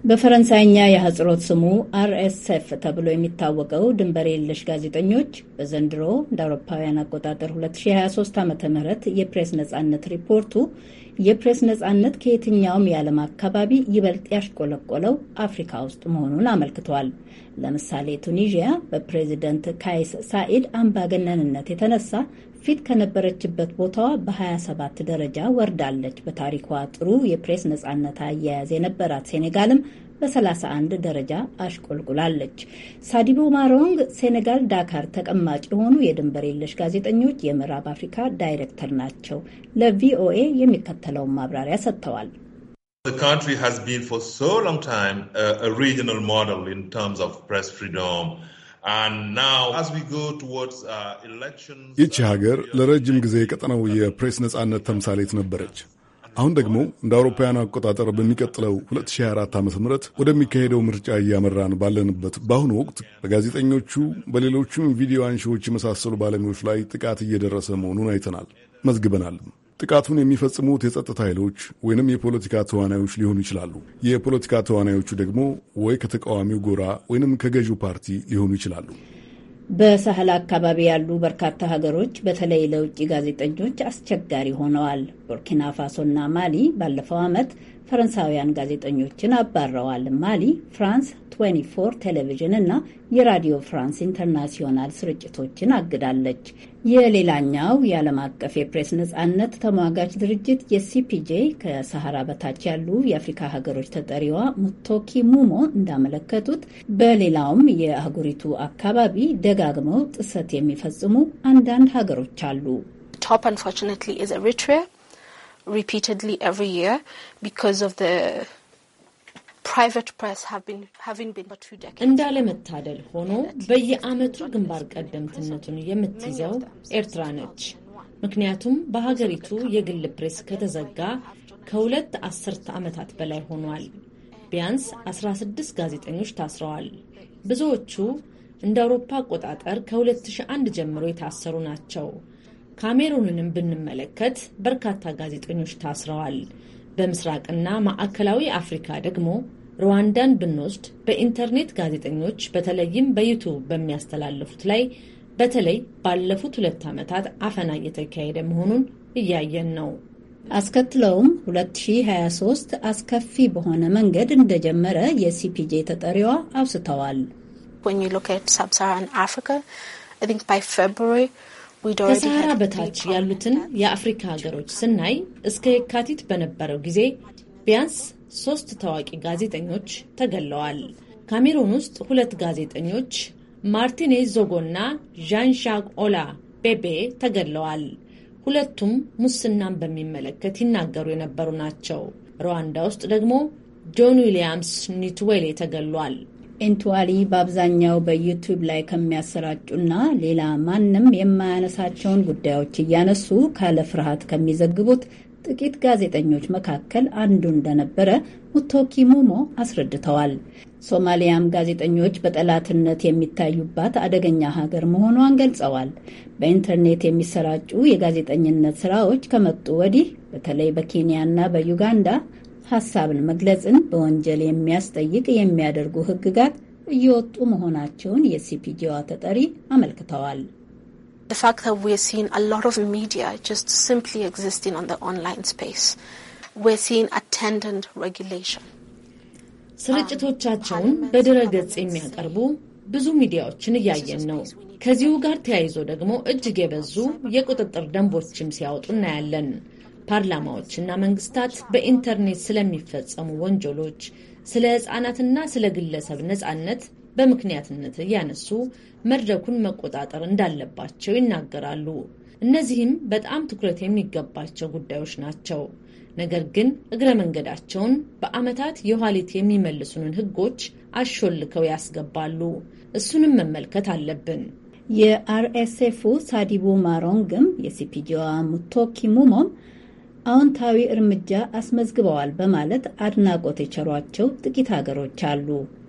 [SPEAKER 9] በፈረንሳይኛ የአህጽሮት ስሙ አርኤስኤፍ ተብሎ የሚታወቀው ድንበር የለሽ ጋዜጠኞች በዘንድሮ እንደ አውሮፓውያን አቆጣጠር 2023 ዓ.ም የፕሬስ ነጻነት ሪፖርቱ የፕሬስ ነጻነት ከየትኛውም የዓለም አካባቢ ይበልጥ ያሽቆለቆለው አፍሪካ ውስጥ መሆኑን አመልክቷል። ለምሳሌ ቱኒዥያ በፕሬዚደንት ካይስ ሳኢድ አምባገነንነት የተነሳ ፊት ከነበረችበት ቦታዋ በ27 ደረጃ ወርዳለች። በታሪኳ ጥሩ የፕሬስ ነጻነት አያያዝ የነበራት ሴኔጋልም በ31 ደረጃ አሽቆልቁላለች። ሳዲቦ ማሮንግ ሴኔጋል ዳካር ተቀማጭ የሆኑ የድንበር የለሽ ጋዜጠኞች የምዕራብ አፍሪካ ዳይሬክተር ናቸው። ለቪኦኤ የሚከተለውን ማብራሪያ ሰጥተዋል።
[SPEAKER 7] The
[SPEAKER 1] Uh,
[SPEAKER 7] ይቺ uh, ሀገር ለረጅም ጊዜ የቀጠናው የፕሬስ ነጻነት ተምሳሌት ነበረች። አሁን ደግሞ እንደ አውሮፓውያን አቆጣጠር በሚቀጥለው 2024 ዓ ም ወደሚካሄደው ምርጫ እያመራን ባለንበት በአሁኑ ወቅት በጋዜጠኞቹ በሌሎቹም ቪዲዮ አንሺዎች የመሳሰሉ ባለሙያዎች ላይ ጥቃት እየደረሰ መሆኑን አይተናል፣ መዝግበናልም። ጥቃቱን የሚፈጽሙት የጸጥታ ኃይሎች ወይንም የፖለቲካ ተዋናዮች ሊሆኑ ይችላሉ። የፖለቲካ ተዋናዮቹ ደግሞ ወይ ከተቃዋሚው ጎራ ወይንም ከገዢው ፓርቲ ሊሆኑ ይችላሉ።
[SPEAKER 9] በሳህል አካባቢ ያሉ በርካታ ሀገሮች በተለይ ለውጭ ጋዜጠኞች አስቸጋሪ ሆነዋል። ቡርኪና ፋሶና ማሊ ባለፈው ዓመት ፈረንሳውያን ጋዜጠኞችን አባረዋል። ማሊ ፍራንስ 24 ቴሌቪዥን እና የራዲዮ ፍራንስ ኢንተርናሲዮናል ስርጭቶችን አግዳለች። የሌላኛው የዓለም አቀፍ የፕሬስ ነጻነት ተሟጋች ድርጅት የሲፒጄ ከሰሃራ በታች ያሉ የአፍሪካ ሀገሮች ተጠሪዋ ሙቶኪ ሙሞ እንዳመለከቱት በሌላውም የአህጉሪቱ አካባቢ ደጋግመው ጥሰት የሚፈጽሙ አንዳንድ ሀገሮች አሉ።
[SPEAKER 10] repeatedly every year because of the እንዳለመታደል ሆኖ በየዓመቱ ግንባር ቀደምትነቱን የምትይዘው ኤርትራ ነች። ምክንያቱም በሀገሪቱ የግል ፕሬስ ከተዘጋ ከሁለት አስርተ ዓመታት በላይ ሆኗል። ቢያንስ 16 ጋዜጠኞች ታስረዋል። ብዙዎቹ እንደ አውሮፓ አቆጣጠር ከ2001 ጀምሮ የታሰሩ ናቸው። ካሜሩንንም ብንመለከት በርካታ ጋዜጠኞች ታስረዋል። በምስራቅና ማዕከላዊ አፍሪካ ደግሞ ሩዋንዳን ብንወስድ በኢንተርኔት ጋዜጠኞች በተለይም በዩቱብ በሚያስተላልፉት ላይ በተለይ ባለፉት ሁለት ዓመታት አፈና እየተካሄደ መሆኑን እያየን ነው።
[SPEAKER 9] አስከትለውም 2023 አስከፊ በሆነ መንገድ እንደጀመረ የሲፒጄ ተጠሪዋ
[SPEAKER 10] አውስተዋል። ከሰሃራ በታች ያሉትን የአፍሪካ ሀገሮች ስናይ እስከ የካቲት በነበረው ጊዜ ቢያንስ ሶስት ታዋቂ ጋዜጠኞች ተገለዋል። ካሜሩን ውስጥ ሁለት ጋዜጠኞች ማርቲኔዝ ዞጎና ዣን ሻክ ኦላ ቤቤ ተገለዋል። ሁለቱም ሙስናን በሚመለከት ይናገሩ የነበሩ ናቸው። ሩዋንዳ ውስጥ ደግሞ ጆን ዊሊያምስ ኒትዌሌ ተገሏል።
[SPEAKER 9] ኢንትዋሊ በአብዛኛው በዩቱብ ላይ ከሚያሰራጩና ሌላ ማንም የማያነሳቸውን ጉዳዮች እያነሱ ካለ ፍርሃት ከሚዘግቡት ጥቂት ጋዜጠኞች መካከል አንዱ እንደነበረ ሙቶኪ ሞሞ አስረድተዋል። ሶማሊያም ጋዜጠኞች በጠላትነት የሚታዩባት አደገኛ ሀገር መሆኗን ገልጸዋል። በኢንተርኔት የሚሰራጩ የጋዜጠኝነት ስራዎች ከመጡ ወዲህ በተለይ በኬንያና በዩጋንዳ ሀሳብን መግለጽን በወንጀል የሚያስጠይቅ የሚያደርጉ ህግጋት እየወጡ መሆናቸውን የሲፒጂዋ ተጠሪ አመልክተዋል።
[SPEAKER 10] ስርጭቶቻቸውን በድረ ገጽ የሚያቀርቡ ብዙ ሚዲያዎችን እያየን ነው። ከዚሁ ጋር ተያይዞ ደግሞ እጅግ የበዙ የቁጥጥር ደንቦችም ሲያወጡ እናያለን። ፓርላማዎችና መንግስታት በኢንተርኔት ስለሚፈጸሙ ወንጀሎች፣ ስለ ህጻናትና ስለ ግለሰብ ነጻነት በምክንያትነት እያነሱ መድረኩን መቆጣጠር እንዳለባቸው ይናገራሉ። እነዚህም በጣም ትኩረት የሚገባቸው ጉዳዮች ናቸው። ነገር ግን እግረ መንገዳቸውን በአመታት የኋሊት የሚመልሱንን ህጎች አሾልከው ያስገባሉ። እሱንም መመልከት አለብን።
[SPEAKER 9] የአርኤስኤፉ ሳዲቡ ማሮንግም የሲፒጂዋ ሙቶኪ ሙሞም አዎንታዊ እርምጃ አስመዝግበዋል በማለት አድናቆት የቸሯቸው ጥቂት ሀገሮች አሉ።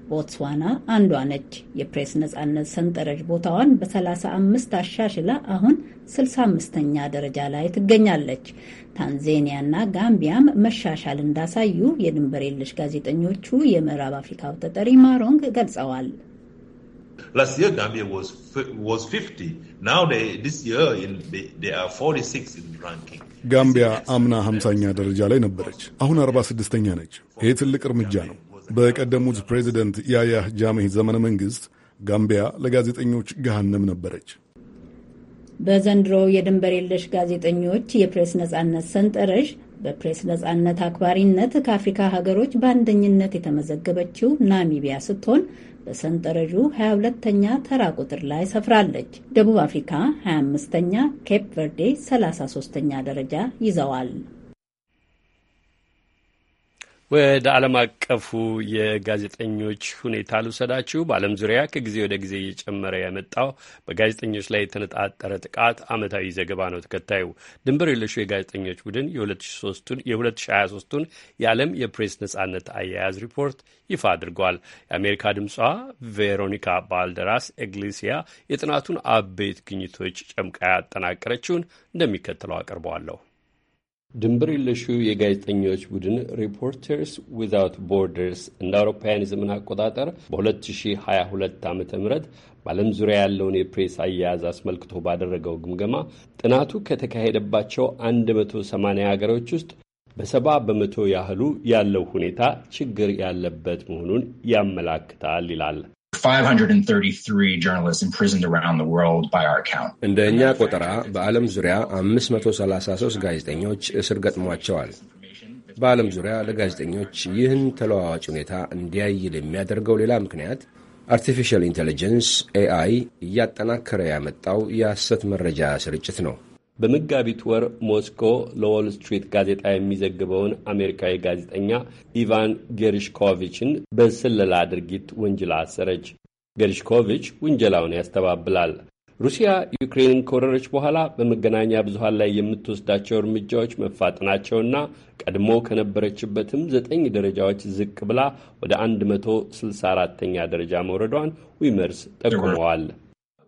[SPEAKER 9] ቦትስዋና አንዷ ነች። የፕሬስ ነጻነት ሰንጠረዥ ቦታዋን በ35 አሻሽላ አሁን 65ኛ ደረጃ ላይ ትገኛለች። ታንዜኒያና ጋምቢያም መሻሻል እንዳሳዩ የድንበር የለሽ ጋዜጠኞቹ የምዕራብ አፍሪካው ተጠሪ ማሮንግ ገልጸዋል።
[SPEAKER 7] ጋምቢያ አምና 5ምሳኛ ደረጃ ላይ ነበረች፣ አሁን አርባ ስድስተኛ ነች። ይህ ትልቅ እርምጃ ነው። በቀደሙት ፕሬዚደንት ያያህ ጃሜህ ዘመነ መንግስት ጋምቢያ ለጋዜጠኞች ገሃነም ነበረች።
[SPEAKER 9] በዘንድሮው የድንበር የለሽ ጋዜጠኞች የፕሬስ ነጻነት ሰንጠረዥ በፕሬስ ነጻነት አክባሪነት ከአፍሪካ ሀገሮች በአንደኝነት የተመዘገበችው ናሚቢያ ስትሆን በሰንጠረዡ 22 ተኛ ተራ ቁጥር ላይ ሰፍራለች። ደቡብ አፍሪካ 25 ተኛ ኬፕ ቨርዴ 33 ተኛ ደረጃ ይዘዋል።
[SPEAKER 1] ወደ ዓለም አቀፉ የጋዜጠኞች ሁኔታ ልውሰዳችሁ። በዓለም ዙሪያ ከጊዜ ወደ ጊዜ እየጨመረ የመጣው በጋዜጠኞች ላይ የተነጣጠረ ጥቃት ዓመታዊ ዘገባ ነው ተከታዩ። ድንበር የለሹ የጋዜጠኞች ቡድን የ2023ቱን የዓለም የፕሬስ ነጻነት አያያዝ ሪፖርት ይፋ አድርጓል። የአሜሪካ ድምጿ ቬሮኒካ ባልደራስ ኤግሊሲያ የጥናቱን አበይት ግኝቶች ጨምቃ ያጠናቀረችውን እንደሚከተለው አቅርበዋለሁ። ድንበር የለሹ የጋዜጠኞች ቡድን ሪፖርተርስ ዊዛውት ቦርደርስ እንደ አውሮፓውያን የዘመን አቆጣጠር በ2022 ዓ ም በዓለም ዙሪያ ያለውን የፕሬስ አያያዝ አስመልክቶ ባደረገው ግምገማ ጥናቱ ከተካሄደባቸው 180 ሀገሮች ውስጥ በሰባ በመቶ ያህሉ ያለው ሁኔታ ችግር ያለበት መሆኑን ያመላክታል ይላል። እንደ እኛ
[SPEAKER 2] ቆጠራ በዓለም ዙሪያ 533 ጋዜጠኞች እስር ገጥሟቸዋል። በዓለም ዙሪያ ለጋዜጠኞች ይህን ተለዋዋጭ ሁኔታ እንዲያይል የሚያደርገው ሌላ ምክንያት አርቲፊሻል ኢንቴሊጀንስ ኤአይ እያጠናከረ ያመጣው የሐሰት መረጃ ስርጭት ነው።
[SPEAKER 1] በመጋቢት ወር ሞስኮ ለዎል ስትሪት ጋዜጣ የሚዘግበውን አሜሪካዊ ጋዜጠኛ ኢቫን ጌሪሽኮቪችን በስለላ ድርጊት ወንጅላ አሰረች። ገርሽኮቪች ውንጀላውን ያስተባብላል። ሩሲያ ዩክሬንን ከወረረች በኋላ በመገናኛ ብዙሃን ላይ የምትወስዳቸው እርምጃዎች መፋጠናቸውና ቀድሞ ከነበረችበትም ዘጠኝ ደረጃዎች ዝቅ ብላ ወደ 164ኛ ደረጃ መውረዷን ዊመርስ ጠቁመዋል።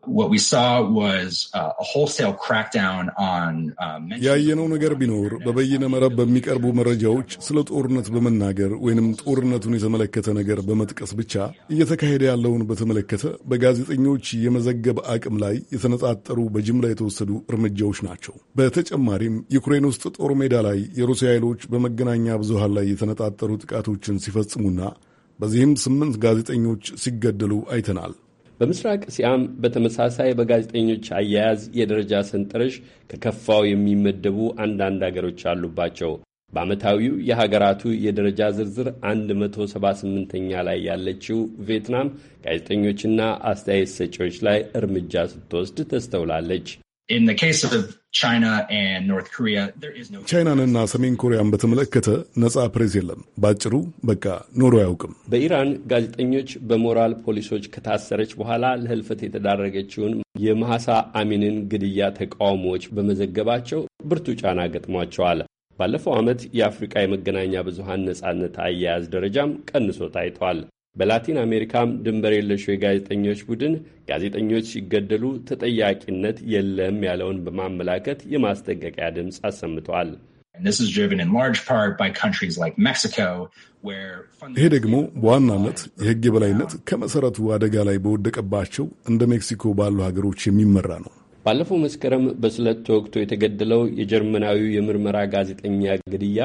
[SPEAKER 1] what we saw was uh, a wholesale crackdown on uh,
[SPEAKER 7] ያየነው ነገር ቢኖር በበይነ መረብ በሚቀርቡ መረጃዎች ስለ ጦርነት በመናገር ወይንም ጦርነቱን የተመለከተ ነገር በመጥቀስ ብቻ እየተካሄደ ያለውን በተመለከተ በጋዜጠኞች የመዘገብ አቅም ላይ የተነጣጠሩ በጅምላ የተወሰዱ እርምጃዎች ናቸው። በተጨማሪም ዩክሬን ውስጥ ጦር ሜዳ ላይ የሩሲያ ኃይሎች በመገናኛ ብዙሃን ላይ የተነጣጠሩ ጥቃቶችን ሲፈጽሙና በዚህም ስምንት ጋዜጠኞች ሲገደሉ አይተናል።
[SPEAKER 1] በምስራቅ እስያም በተመሳሳይ በጋዜጠኞች አያያዝ የደረጃ ሰንጠረዥ ከከፋው የሚመደቡ አንዳንድ አገሮች አሉባቸው። በዓመታዊው የሀገራቱ የደረጃ ዝርዝር 178ኛ ላይ ያለችው ቪየትናም ጋዜጠኞችና አስተያየት ሰጪዎች ላይ እርምጃ ስትወስድ ተስተውላለች።
[SPEAKER 7] ቻይናንና ሰሜን ኮሪያን በተመለከተ ነፃ ፕሬስ የለም። በአጭሩ በቃ ኖሮ አያውቅም።
[SPEAKER 1] በኢራን ጋዜጠኞች በሞራል ፖሊሶች ከታሰረች በኋላ ለህልፈት የተዳረገችውን የማህሳ አሚንን ግድያ ተቃውሞዎች በመዘገባቸው ብርቱ ጫና ገጥሟቸዋል። ባለፈው ዓመት የአፍሪቃ የመገናኛ ብዙሀን ነጻነት አያያዝ ደረጃም ቀንሶ ታይቷል። በላቲን አሜሪካም ድንበር የለሹ የጋዜጠኞች ቡድን ጋዜጠኞች ሲገደሉ ተጠያቂነት የለም ያለውን በማመላከት የማስጠንቀቂያ ድምፅ አሰምተዋል።
[SPEAKER 7] ይሄ ደግሞ በዋናነት የሕግ የበላይነት ከመሠረቱ አደጋ ላይ በወደቀባቸው እንደ ሜክሲኮ ባሉ ሀገሮች የሚመራ ነው።
[SPEAKER 1] ባለፈው መስከረም በስለት ተወግቶ የተገደለው የጀርመናዊው የምርመራ ጋዜጠኛ ግድያ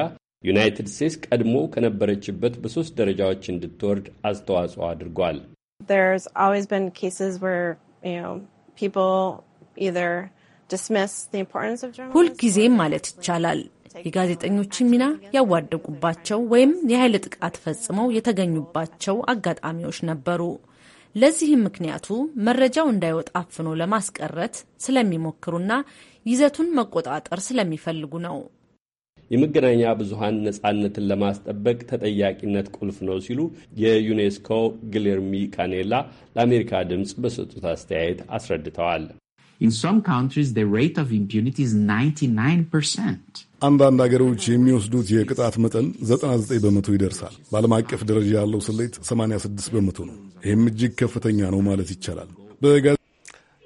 [SPEAKER 1] ዩናይትድ ስቴትስ ቀድሞ ከነበረችበት በሶስት ደረጃዎች እንድትወርድ አስተዋጽኦ አድርጓል።
[SPEAKER 10] ሁልጊዜም ማለት ይቻላል የጋዜጠኞችን ሚና ያዋደቁባቸው ወይም የኃይል ጥቃት ፈጽመው የተገኙባቸው አጋጣሚዎች ነበሩ። ለዚህም ምክንያቱ መረጃው እንዳይወጣ አፍኖ ለማስቀረት ስለሚሞክሩና ይዘቱን መቆጣጠር ስለሚፈልጉ ነው።
[SPEAKER 1] የመገናኛ ብዙሀን ነጻነትን ለማስጠበቅ ተጠያቂነት ቁልፍ ነው ሲሉ የዩኔስኮ ግሌርሚ ካኔላ ለአሜሪካ ድምፅ በሰጡት አስተያየት አስረድተዋል።
[SPEAKER 7] አንዳንድ ሀገሮች የሚወስዱት የቅጣት መጠን 99 በመቶ ይደርሳል። በዓለም አቀፍ ደረጃ ያለው ስሌት 86 በመቶ ነው። ይህም እጅግ ከፍተኛ ነው ማለት ይቻላል።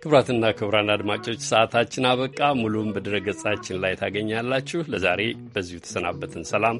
[SPEAKER 1] ክቡራትና ክቡራን አድማጮች ሰዓታችን አበቃ። ሙሉም በድረገጻችን ላይ ታገኛላችሁ። ለዛሬ በዚሁ ተሰናበትን። ሰላም፣